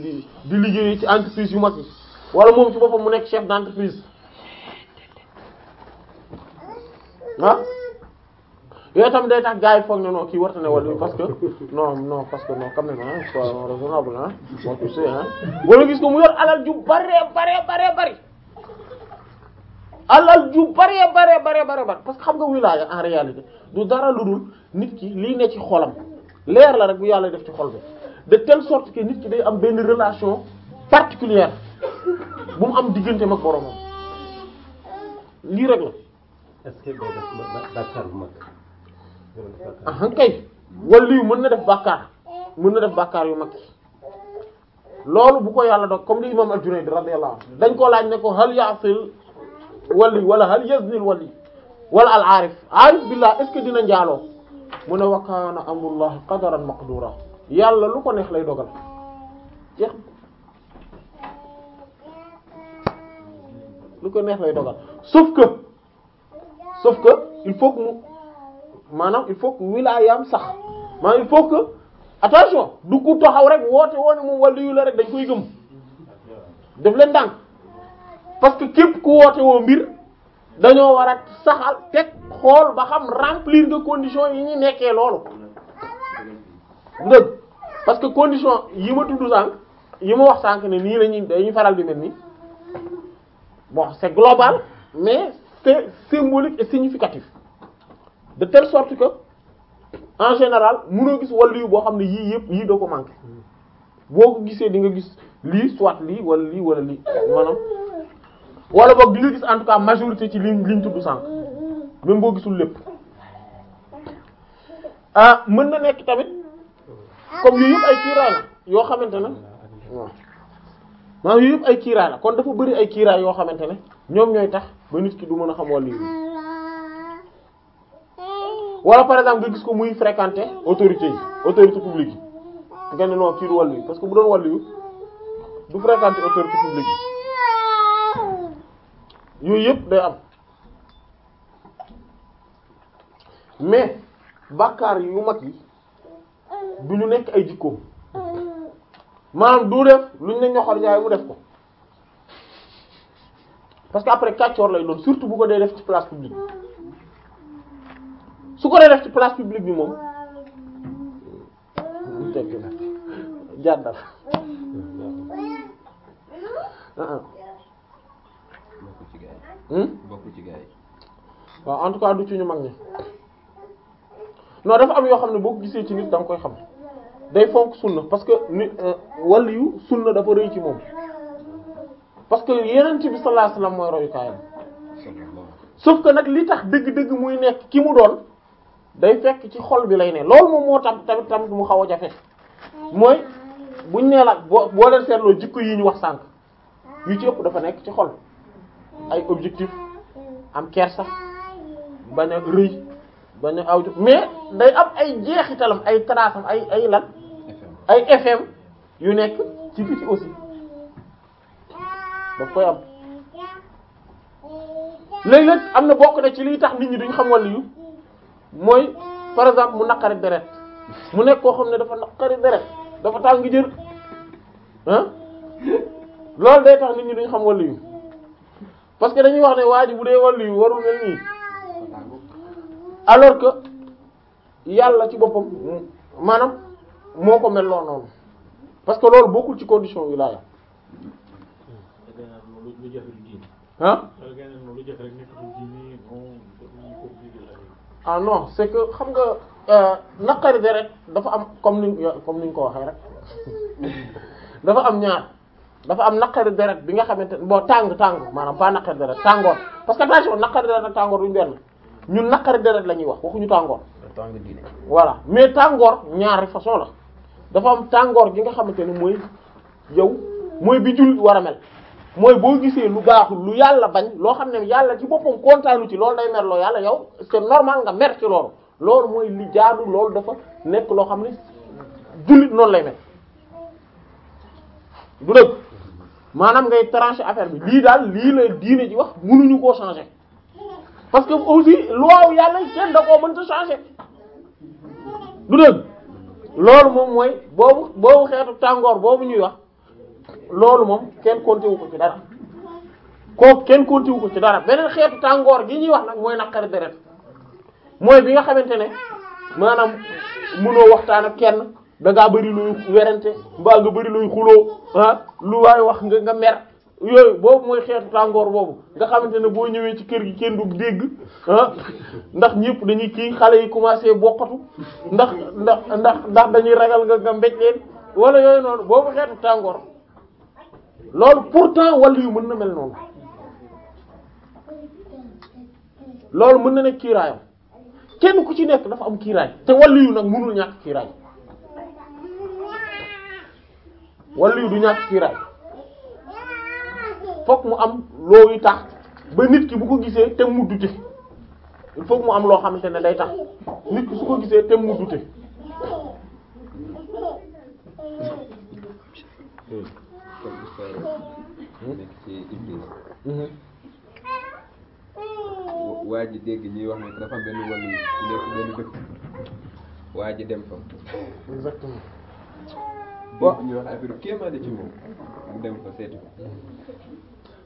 di liggéey ci entreprise yu mag yi wala moom ci boppam mu nekk chef d'entreprise ah. yooyu tamit day tax gars yi foog ne non kii warta ne wàllu parce que non non parce que non quand même ah soit raisonnable ah bon tu sais ah wala gis ko mu yor alal ju bare bare bare bari alal ju bare bare bare bare bari parce que xam nga wilaaya en réalité du dara lu dul nit ki lii ne ci xolam leer la rek bu yàlla def ci xol bi de telle sorte que nit ki day am benn relation particulière bu mu am diggante mag boromam lii rek la. est-ce que day def bàkkaar bu mag. ah kay waliyu mën na def bàkkaar mën na def bàkkaar yu mag loolu bu ko yàlla doog comme li imam al-Junayd radiyallahu anhu dañ ko laaj ne ko hal ya'sil wali wala hal yazni wali wala al aarif aarif billah est ce que dina njaaloo mu ne wa kaana amrullahi qadaran maqdura yàlla lu ko neex lay dogal jeex lu ko neex lay dogal il faut mu maanaam il faut que wilaayaam sax maanaam il faut que attention du ku taxaw rek woote woo woone moom waliyu la rek dañ koy gëm def leen ndànk parce que képp ku woote woo mbir dañoo war a saxal teg xool ba xam remplir nga condition yi ñu nekkee loolu ndëg parce que condition yi ma tudd sànq yi ma wax sànq ne nii la ñuy dañuy faral di mel nii bon c'est global mais c'est symbolique et significatif de telle sorte que en général mënoo gis wàllu boo xam ne yii yëpp yii doo ko manqué boo ko gisee di nga gis lii soit lii wala lii wala lii maanaam wala boog di gis en majorité ci liñ liñ tudd sànq même boo gisul lépp ah mën na nekk tamit comme yooyu yëpp ay kiiraay yoo xamante ne waaw maanaam yooyu yëpp ay kiiraay la kon dafa bëri ay kiiraay yoo xamante ne ñoom ñooy tax ba nit ki du mën a xam wàllu wala par exemple nga gis ko muy fréquenter autorité yi autorité publique yi nga ne non kii du wàllu parce que bu doon wàllu du fréquenter autorité publique yooyu yëpp day am mais bàkkaar yu mag yi du ñu nekk ay jikko maanaam du def luñ ne ñoxor yaay mu def ko parce que après kàccoor lay doon surtout bu ko dee def ci place publique su ko dee def ci place publique bi moom jàddal ah, ah. bokk ci hmm? waaw en tout cas du ci ñu mag ñi non dafa am yoo xam ne boo gisee ci nit da koy xam day fonk sunna parce que ni euh, wàll yu sunna dafa rëy ci moom parce que yeneen bi sallallahu alayhi wasallam mooy royukaayam sauf que nag li tax dëgg-dëgg muy nekk ki mu doon day fekk ci xol bi lay ne loolu moom moo tax tamit tamit mu xaw a jafe mooy buñ nee la boo boo leen seetloo jikko yi ñu wax sànq yu ci ëpp dafa nekk ci xol ay objectif am kersa bañ a rëy bañ a aw mais day am ay jeexitalam ay traasam ay ay lan ay FM yu nekk ci biti aussi daf koy am léeg-léeg am na bokk na ci liy tax nit ñi duñ xam wàllu yu. mooy par exemple mu naqari deret mu nekk koo xam ne dafa naqari deret dafa tàng jër ah loolu day tax nit ñi duñ xam wàllu yu parce que dañuy wax ne waa ji bu dee wàllu yu warul mel nii alors que yàlla ci boppam maanaam moo ko mel noonu noonu parce que loolu bokkul ci condition wilaaya ah ah non c'est que xam nga euh, naqari deret dafa am comme ni comme ni ñu ko waxee rek dafa am ñaar dafa am naqari deret bi nga xamante ne boo tàng tàng maanaam pas naqari deret tàngoor parce que attention naqari deret ak tàngoor ñu benn ñu naqari deret la ñuy wax waxuñu tàngoor. voilà mais tàngoor ñaari façon la dafa am tàngoor gi nga xamante ne mooy yow mooy bi jullit war a mel mooy boo gisee lu baaxul lu yàlla bañ loo xam ne yàlla ci boppam kontaanu ci loolu day mer loo yàlla yow c'est normal nga mer ci loolu loolu mooy li jaadu loolu dafa nekk loo xam ne jullit noonu lay mel du dëgg maanaam ngay tranché affaire bi lii daal lii la diine ji wax mënuñu koo changer parce que aussi loi yàlla kenn da koo mënta changer du dëgg loolu moom mooy boobu boobu xeetu tàngoor boobu ñuy wax loolu moom kenn konti wu ko ci dara kooku kenn konti ko ci dara beneen xeetu tàngoor gi ñuy wax nag mooy naqari deret mooy bi nga xamante ne maanaam mënoo waxtaan ak kenn da ngaa bëri luy werante mbaa nga bëri luy xuloo ah, lu waay wax nga nga mer yooyu boobu mooy xeetu tàngoor boobu nga xamante ne boo ñëwee ci kër gi kenn du dégg ah, ndax ñëpp dañuy kii xale yi commencé bokkatu ndax ndax ndax ndax dañuy ragal nga nga leen wala yooyu noonu boobu xeetu tàngoor loolu pourtant wàllu yu mën na mel noonu loolu mën na nekk kiiraayam kenn ku ci nekk dafa am kiiraay te wàllu yu nag mënul ñàkk kiiraay wàllu yu du ñàkk kiiraay fokk mu am looyu tax ba nit ki bu ko gisee te mu il faut mu am loo xamante ne day tax nit ki su ko gisee te mu Hmm? nekk ci hmm. waa ji dégg ñuy wax ma dafa benn wàllu nekk benn dëkk waa ji dem fa. exactement. boo ñuy wax affaire kéemaane ci moom mu dem fa seeti ko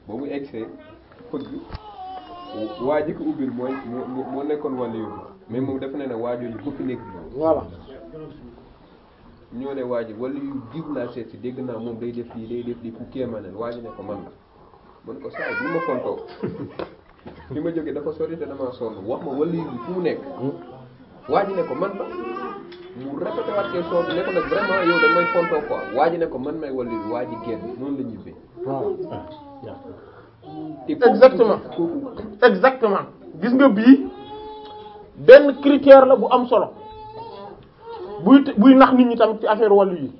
boobu egsee fëgg waa ji ko ubbil mo mo moo nekkoon wàllu yooyu mais moom dafa ne ne waa jooju ku fi ñoo ne waa ji wala yu diw laa seet si dégg naa moom day def lii day def lii ku kéemaanal waa ji ne ko man la man ko saa bi ma fontoo fi ma jógee dafa sori te damaa wax ma wala yu fu mu nekk waa ne ko man la mu répété waat question bi ne ko nag vraiment yow da may fontoo quoi waa ne ko man may wala yu waa ji génn noonu la ñibbee waaw exactement exactement gis nga bii benn critère la bu am solo buy buy nax nit ñi tamit ci affaire wàllu yi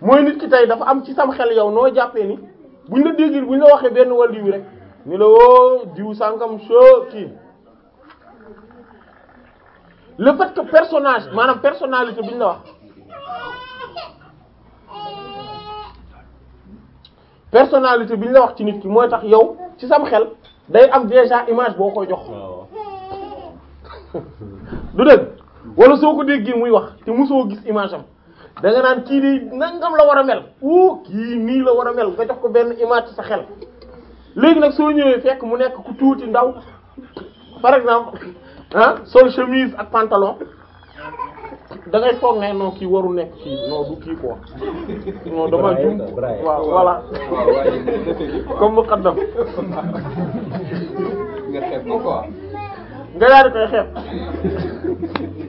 mooy nit ki tey dafa am ci sam xel yow noo jàppee ni buñ la déggee buñ la waxee benn wàllu yi rek ni la woo diw sànkam soo kii le fait que personnage maanaam personnalité bi ñu la wax personnalité bi la wax ci nit ki mooy tax yow ci sam xel day am déjà image boo koy jox du dëgg wala soo ko déggee muy wax te mosoo gis image am da nga naan kii de nangam la war a mel wuu kii nii la war a mel nga jox ko benn image sa xel léegi nag soo ñëwee fekk mu nekk ku tuuti ndaw par exemple ah sol chemise ak pantalon da ngay foog ne non kii waru nekk kii non du kii quoi non dama jum waaw voilà comme mu nga xeeb ko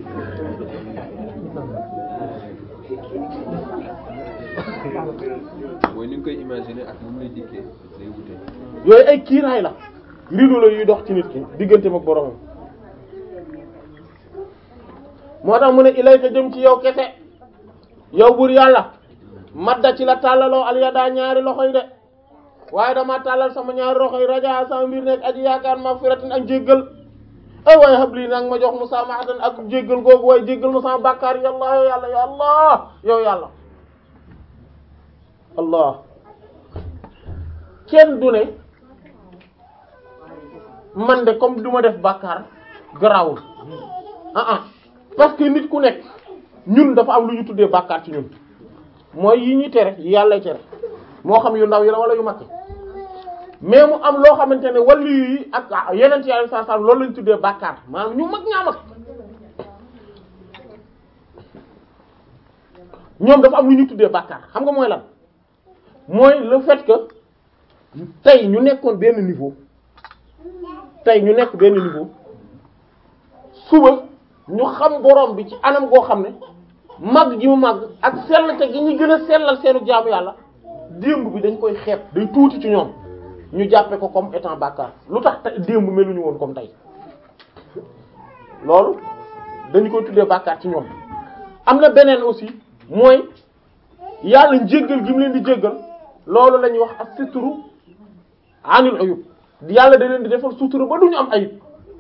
mooy ni nga koy imaginer ak yooyu ay kiiraay la rido la yuy dox ci nit ki diggante ak boromam. moo tax mu ne ilay ta jëm ci yow kese yow buur yàlla madda ci la tàllaloo alyadaa ñaari loxo yi de waaye dama tàllal sama ñaari loxo yi raja sama mbir nekk aji yaakaar magfiratin ak jéggal ay waaye habli ma jox musaamahatan ak jéggal googu waaye jéggal ma sama bàkkaar yàlla yow yàlla yow yow yàlla allah kenn du ne man de comme du ma def bàkkaar garawul ah ah parce que nit ku nekk ñun dafa am lu ñu tuddee bàkkaar ci ñun mooy yi ñuy tere yi yàlla tere moo xam yu ndaw yi la wala yu mag mais mu am loo xamante ne wàllu yi ak ah, yeneen ci yàlla saa saa loolu lañ tuddee bàkkaar maanaam ñu mag ñaa mag ñoom dafa am lu ñu tuddee bàkkaar xam nga mooy lan. mooy le fait que tey ñu nekkoon benn niveau tey ñu nekk benn niveau suba ñu xam borom bi ci anam goo xam ne màgg gi mu màgg ak sellte gi ñu gën a sellal seenu jaamu yàlla démb bi dañ koy xeeb day tuuti ci ñoom ñu jàppe ko comme étant bàkkaar lu tax démb meluñu woon comme tey loolu dañu koy tuddee bàkkaar ci ñoom am na beneen aussi mooy yàlla njéggal gi mu leen di jéggal loolu lañuy wax ak suturu anil ayub yàlla da leen di defal sutura ba duñu am ayib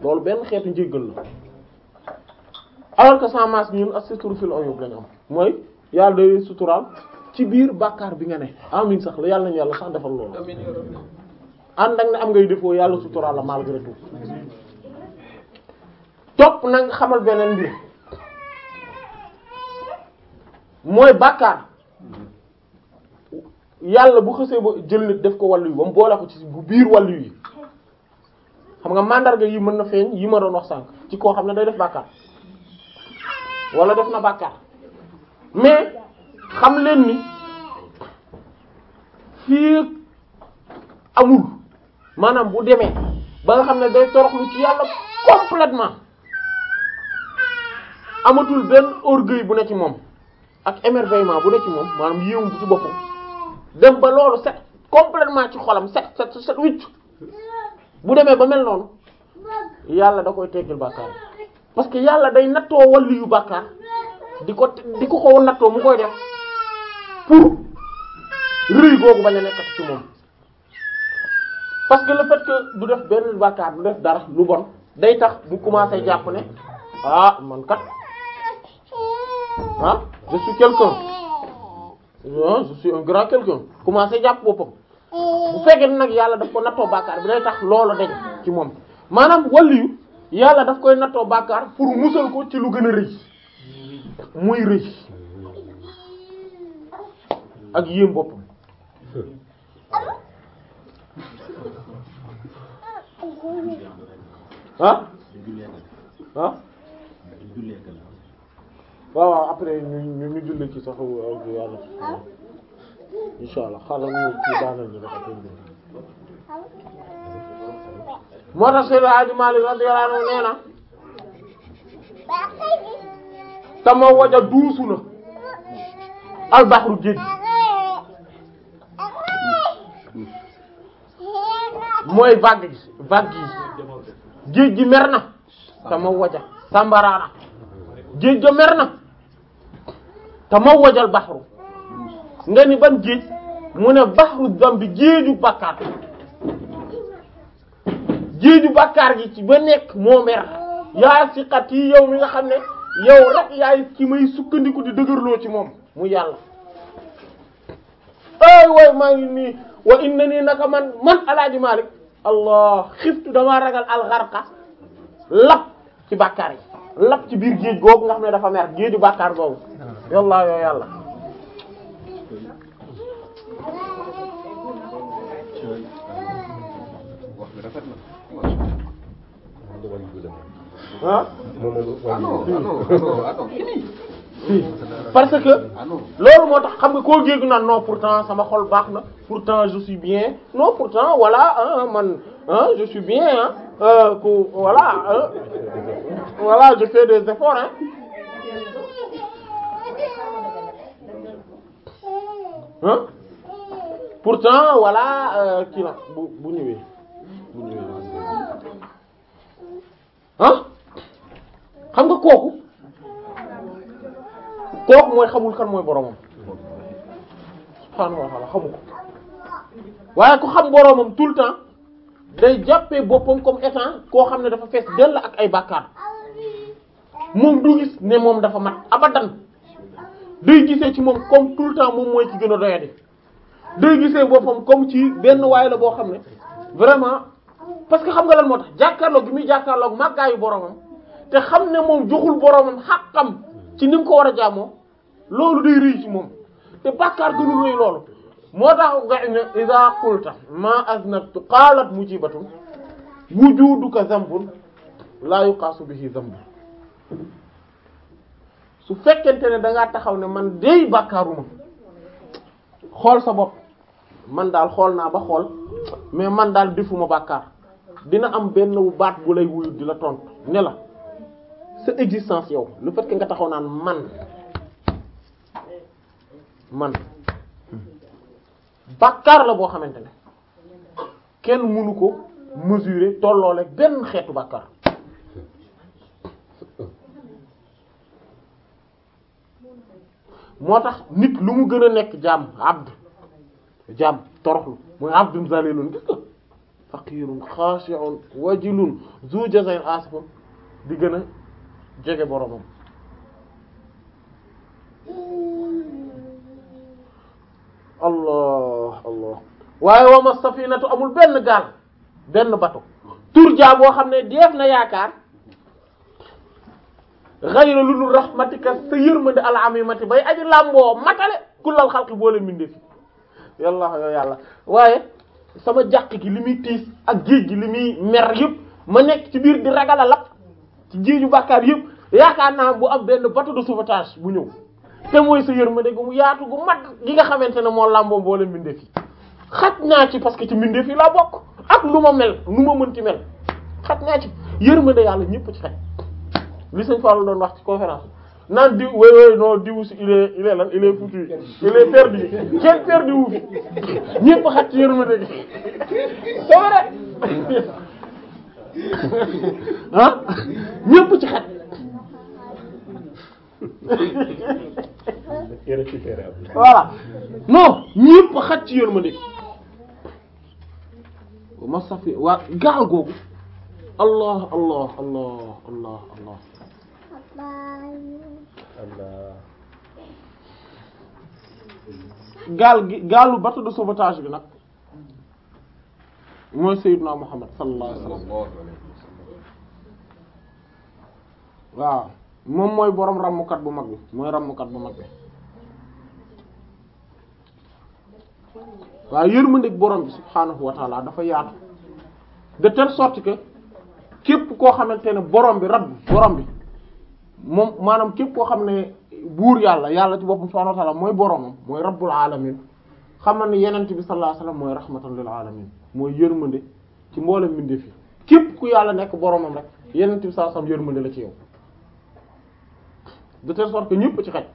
loolu benn xeetu njégal la alors que sans ñun ak suturu fil ayub lañu am mooy yàlla day suturaal ci biir bàkkaar bi nga ne amin sax la yàlla nañ yàlla sax defal loolu ànd ak ne am ngay defoo yàlla suturaal la malgré tout topp na xamal beneen mbir mooy bàkkaar yàlla bu xësee ba jël nit def ko wàllu yi ba mu boole ko ci bu biir wàllu yi xam nga mandarga yi mën na feeñ yi ma doon wax sànq ci koo xam ne day def bàkkaar wala def na bàkkaar mais xam leen ni fii amul maanaam bu demee ba nga xam ne day toroxlu ci yàlla complètement amatul benn orgueil bu ne ci moom ak émerveillement bu ne ci moom maanaam yéemu bu ci boppam. dem ba loolu set complètement ci xolam set set set wicc bu demee ba mel noonu yàlla da koy teggil bàkkaar parce que yàlla day nattoo wallu yu bàkkaar di ko di ko ko nattoo mu koy def pour rëy googu bañ a nekkati ci moom parce que la fait du def benn bàkkaar du def dara lu bon day tax bu commencé jàpp ne ah man kat ah je suis ah je suis un grand quelqu'un commencé jàpp boppam oh. bu fekkee nag yàlla daf ko nattoo bàkkaar bi day tax loolu dañ ci moom maanaam waliyu yàlla daf koy nattoo bàkkaar pour musal ko ci lu gën a ak yéem boppam ah ah waaw waaw après ñu ñu julli ci sax ak euh, yàlla ah. insha allah xaaral ñu ci daanal ñu def après moo tax Seydou Hadj Malick radiyallahu anhu nee waja duusu na albaxru géej mooy vague gi vague yi géej gi mer na te waja sambaraana géej ga mer tamawwajal baxru nga ni ban géej mu ne baxru zambi géeju bàkkaar géeju bàkkaar gi ci ba nekk moo mer yaa si yi yow mi nga xam ne yow rek yaay ki may sukkandiku di dëgërloo ci moom mu yàlla ay way maa ngi nii wa inna nii naka man man alaaji Malik allah xiftu damaa ragal alxarqa lap ci bàkkaar yi lap ci biir géej googu nga xam ne dafa mer géeju bàkkaar googu yàllaa yoo yàlla ah parce que loolu moo tax xam ko koo géegu naan non pourtant sama xol baax na pourtant je suis bien non pourtant voilà ah man ah je suis bien ah ku voilà voilà je fais des efforts hein hein pourtant voilà kii euh, bu bu ñëwee bu ñëwee hein xam nga kooku kooku mooy xamul kan mooy boromam subhaanahu wa ta'ala xamu ko waaye ku xam boromam tout le temps day jàppee boppam comme étant koo xam ne dafa fees dell ak ay bàkkaar moom du gis ne moom dafa mat abadan day gisee ci moom comme tout le temps moom mooy ci gën a doyati day gisee boppam comme ci benn waay la boo xam ne vraiment parce que xam nga lan moo tax jàkkaarloo gi muy jàkkaarloo màggaayu boromam te xam ne moom joxul boromam xàqam ci ni ko war a jàmmoo loolu day rëy ci moom te bàkkaar gënul rëy loolu moo tax nga ne iza qulta ma aznabtu qalat mujibatun wujuduka zambun la yuqasu bihi zambun su fekkente ne da ngaa taxaw ne man dey bàkkaaruma xool sa bopp man daal xool naa ba xool mais man daal defuma bàkkaar dina am benn baat bu lay wuyu di la tontu ne la sa existence yow lu fekk nga taxaw naan man man bàkkaar la boo xamante ne kenn mënu ko mesurer tolloole benn xeetu bàkkaar moo tax nit lu mu gën a nekk jaam abd jaam toroxlu mooy abdum zalilun gis nga faqirun xaashi'un wajilun zu jazain asifun di gën a jege boromam allah allah waaye wama safinatu amul benn gaal benn bato tur jaa boo xam ne def na yaakaar xayra lu dul rahmatika sa yërmande alamimati bay aji làmboo matale kullal xalqi boo leen bindee fi yàlla yoo yàlla waaye sama jàq gi li muy tiis ak géej gi li muy mer yëpp ma nekk ci biir di ragala a ci géeju bàkkaar yëpp yaakaar naa bu am benn bateau de sauvetage bu ñëw te mooy sa yërmande gu mu yaatu gu mat gi nga xamante ne moo làmboo boo leen bindee fi xaj naa ci parce ci mbindeef yi la bokk ak lu ma mel nu ma mënti mel xaj naa ci yërmande yàlla ñëpp ci li sëñ Fallou doon wax ci conférence naan diw oui oui non diw si il est il est lan il est kenn perdu wu fi ñëpp xaj ci yërmande gi c'est vrai ah ñëpp ci xaj. voilà non waa gaal googu allah allah allah allah. gaal gi gaalu bateau de bi nag mooy Seydina Muhammad waaw moom mooy boroom ràmmkat bu mag bi mooy ràmmkat bu mag bi waaw yërmandeeg boroom bi subhaanahu wa dafa yaatu de telle sorte que képp koo xamante ne boroom bi rab boroom bi moom maanaam képp koo xam ne buur yàlla yàlla ci boppam subhaanahu mooy boromam mooy rabbul alamin xam na ne yenent bi sallallahu alayhi wasallam mooy rahmatan lil alamin mooy yërmande ci mboolem mbindeef yi képp yàlla nekk boromam rek yenent bi sallallahu alayhi wasallam la ci yow de telle sorte que ñëpp ci xaj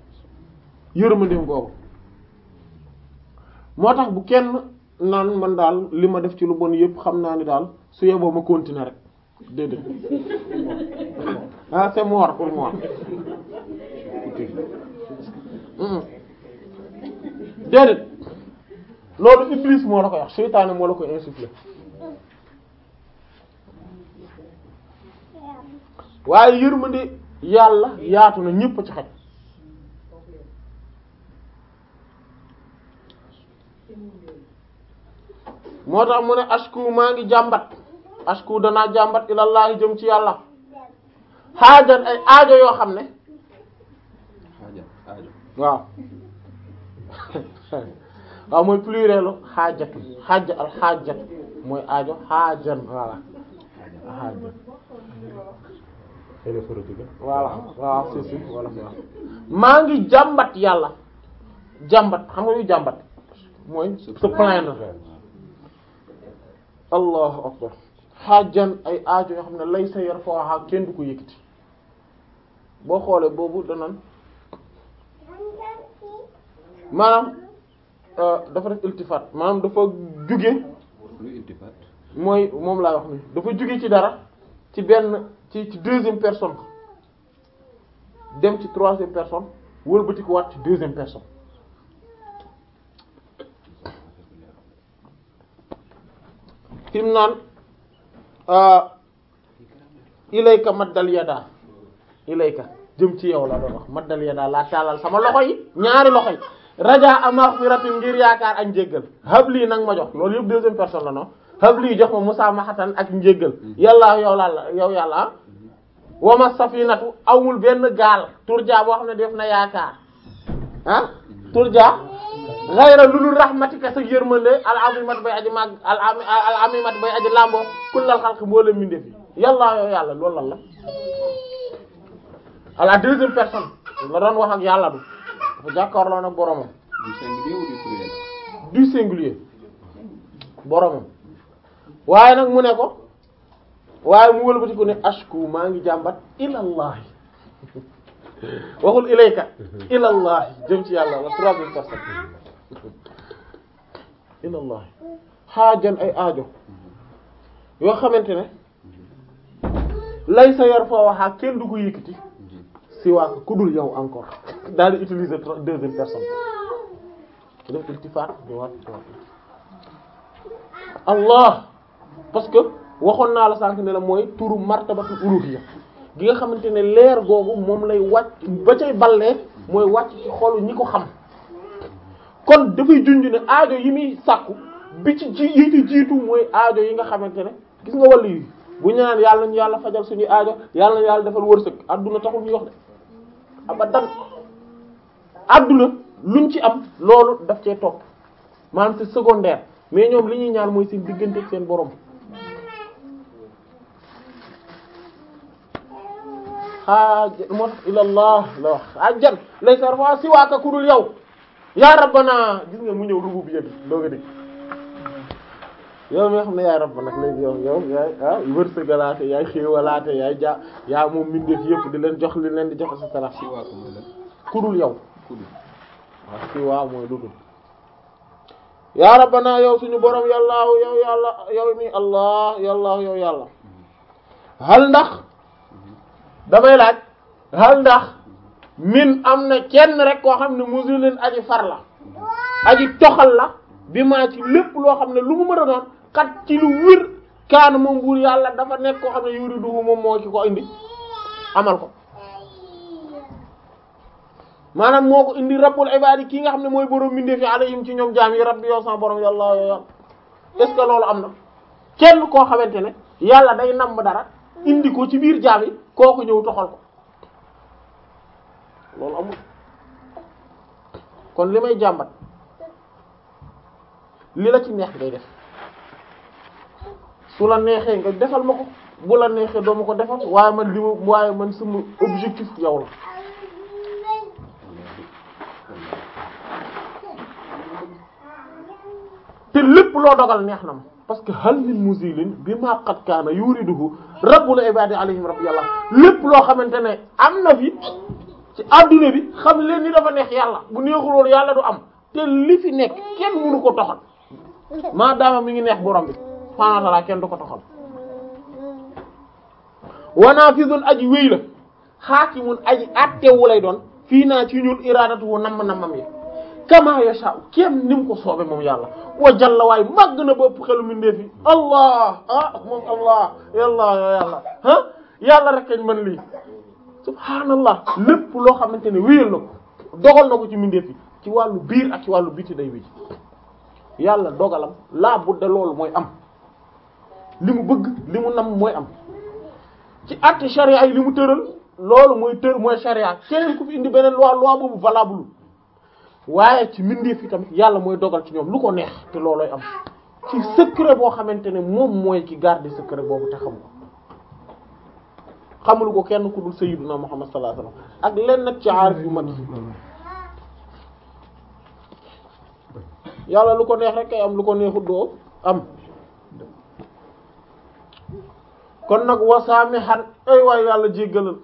yërmandeem googu moo tax bu kenn naan man daal li ma def ci lu bon yëpp xam naa ni daal su yeboo ma continuer rek déedéet ah c'est mort pour moi hmm. déedéet loolu iblis moo la ko wax seytaane moo la ko insufflé waaye yërmande yàlla yaatu na ñépp ci xaj moo tax mu ne ashku maa ngi jàmbat ashku danaa jàmbat ilallaahi jëm ci yàlla xaajan ay aajo yoo xam ne xaajan waaw waaw mooy plurielu xaajatu xaaja al xaajatu mooy aajo xaajan waaw maa ngi jàmbat yàlla jàmbat xam nga luy jàmbat mooy se allahu akbar xaajan ay aajo yoo xam ne lay sa yar foo xaa kenn du ko yëkkati boo xoolee boobu danan maanaam euh, dafa def iltifaat maanaam dafa jóge mooy moom laay wax ni dafa jóge ci dara ci benn ci ci deuxième personne dem ci troisième personne wëlbatiku waat ci deuxième personne fi mu naan euh, ilayka maddal yadaa ilayka jëm ci yow la doon wax maddal yadaa laa tàllal sama loxo yi ñaari loxo yi rajaa maghfiratin ngir yaakaar ak njéggal habli nag ma jox loolu yëpp deuxième personne la non habli jox ma musaamahatan ak njéggal mm-hmm. yàlla yow la yow yàlla mm-hmm. wama safinatu awul benn gaal turja boo xam ne def na yaakaar ah mm-hmm. turja ghayra lu dul rahmatika sa yërmande al azimat bay aji mag al al amimat bay aji lambo kullal xalq mbooleem mbindeef yi yàlla yow yàlla la à la deuxième personne la doon wax ak yàlla du dafa jàkkaarloo nag boromam. du singulier boromam waaye nag mu ne ko waaye mu wëlbati ko ne ashku maa ngi jàmbat ilallahi waxul ilayka ilallahi jëm ci yàlla la troisième personne ay aajo yoo xamante ne lay sa yar foo waxaa kenn du ko siwaak ku dul yow encore daal di utiliser deuxième personne def iltifaat dowaat allah parce que waxoon naa la sànq ne la mooy turu martabatul uluhiyya gi nga xamante ne leer googu moom lay wàcc ba cay balle mooy wàcc ci xolu ñi ko xam kon dafay junj ne aajo yi muy sàkku bi ci ji yi ci jiitu mooy aajo yi nga xamante ne gis nga wàllu yi bu ñu yàlla ñu yàlla fajal suñuy aajo yàlla ñu yàlla defal wërsëg adduna taxul ñu wax de abadan lu luñ ci am loolu daf cee topp maanaam c'est secondaire mais ñoom li ñuy ñaan mooy seen diggante seen borom xaaja moo tax ilallah la wax xaajan lay sarfa si waaka kudul yow yaa rabbana gis nga mu ñëw rubu bi yëg doo nga dégg yow mi nga yaay rabb yaay ah yaay xéewalaate yaay moom mbindeef yëpp di leen jox li leen di jox et cetera. kudul yow. kudul waaw si waaw mooy dudul. yaa rabbana yow suñu borom yàllaahu yow yàlla yow mi allah yàllaahu yow yàlla. hal ndax. damay laaj. hal ndax. min am na kenn rek koo xam ne musulin aji far la. aji toxal la. bi maa ci lépp loo xam ne lu mu mën a doon xat ci lu wér kaanu moom buur yàlla dafa nekk koo xam ne yuri duhu moom moo ci ko indi amal ko maanaam moo ko indi rabbul ibaadi kii nga xam ne mooy borom bindee fi alayhim ci ñoom jaam yi rabbi yoo sama borom yàlla yow est ce que loolu am na kenn koo xamante ne yàlla day namm dara indi ko ci biir jaam yi kooku ñëw toxal ko loolu amul kon li may jàmbat li la ci neex ngay def su la neexee nga defal ma ko bu la neexee doo ma ko defal waaye man li ma waaye man sama objectif yow la te lépp loo dogal neex na ma parce que hal min muzilin bi ma qad kaana yuriduhu rabbul ibadi alayhim rabbi yàlla lépp loo xamante ne am na fi ci adduna bi xam leen ni dafa neex yàlla bu neexuloon yàlla du am te li fi nekk kenn mënu ko toxal maadaama mi ngi neex borom bi subhaanahu wa ta'aala kenn du ko taxal wanaafizun aji wéy la aji attewu lay doon fii naa ci ñun iraadatu namm nammam yi kama yasha kenn ni ko soobe moom yàlla wa jalla waay màgg na bopp xelu mbindeef yi allah ah moom allah yàlla yàlla ah yàlla rek kañ lii subhaanallah lépp loo xamante ne wéyal na ko dogal na ko ci mbindeef yi ci wàllu biir ak ci wàllu biti day wéy yàlla dogalam laa budda loolu mooy am li mu bëgg li mu nam mooy am ci àtte charia yi li mu tëral loolu mooy tër mooy charia keneen ku fi indi beneen loi loi boobu valable waaye ci mbindeef yi tamit yàlla mooy dogal ci ñoom lu ko neex te loolooy am ci secret boo xamante ne moom mooy ki garder secret boobu te xam ko xamul ko kenn ku dul sayyiduna Muhammad sallallahu alayhi ak lenn nag ci aarif yu mag yàlla lu ko neex rek kay am lu ko neexut doo am kon nag wasaami xan ay waay yàlla jéggalal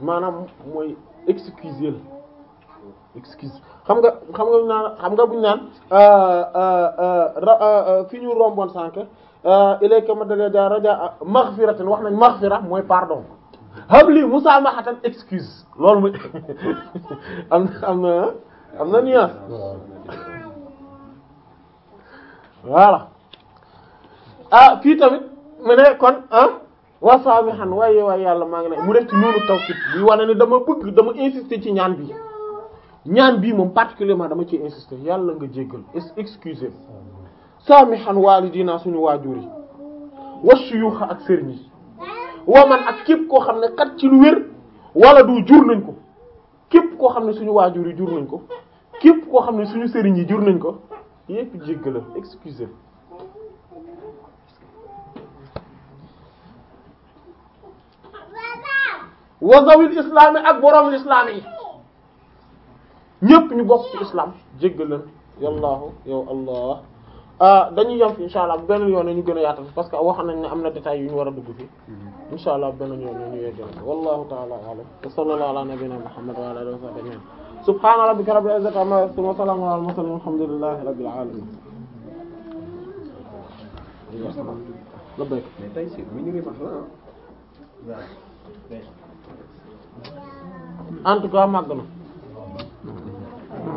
maanaam mooy excusez la excuse xam nga xam nga naan xam nga buñu naan euh, euh, euh, fi ñu romboon sànq ilayka madale da raja maghfiratan wax nañ maghfira mooy pardon habli musamahatan excuse loolu mooy am am ah? am na nuance voilà ah fii tamit mu ne kon ah wasaabi xan waaye waaye yàlla maa ngi lay mu def ci noonu tawfiq bi wane ne dama bëgg dama insister ci ñaan bi ñaan bii moom particulièrement dama ci insister yàlla nga jéggal excusez saamixan waalidina suñu waajur yi wa suyuxa ak sëriñ yi wa man ak képp koo xam ne xat ci lu wér wala du jur nañ ko képp koo xam ne suñu waajur yi jur nañ ko képp koo xam ne suñu sëriñ yi jur nañ ko yépp jéggalal excusez wazawil islaam yi ak borom islaam yi ñépp ñu bokk ci islam jéggalal yallaahu yow allah ah dañuy yem fi insha allah bu benn yoon ñu gën a yaatal parce que wax nañ ne am na détails yu ñu war a dugg fi mm-hmm. insha allah benn yoon ñu yeggal wallahu ta'ala a'lam wa sallallahu ala nabina muhammad wa ala alihi wa sahbihi subhaana rabbika rabbil izzati amma yasifun wa salaamun alal mursalin walhamdulillahi rabbil alamin labbayk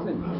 en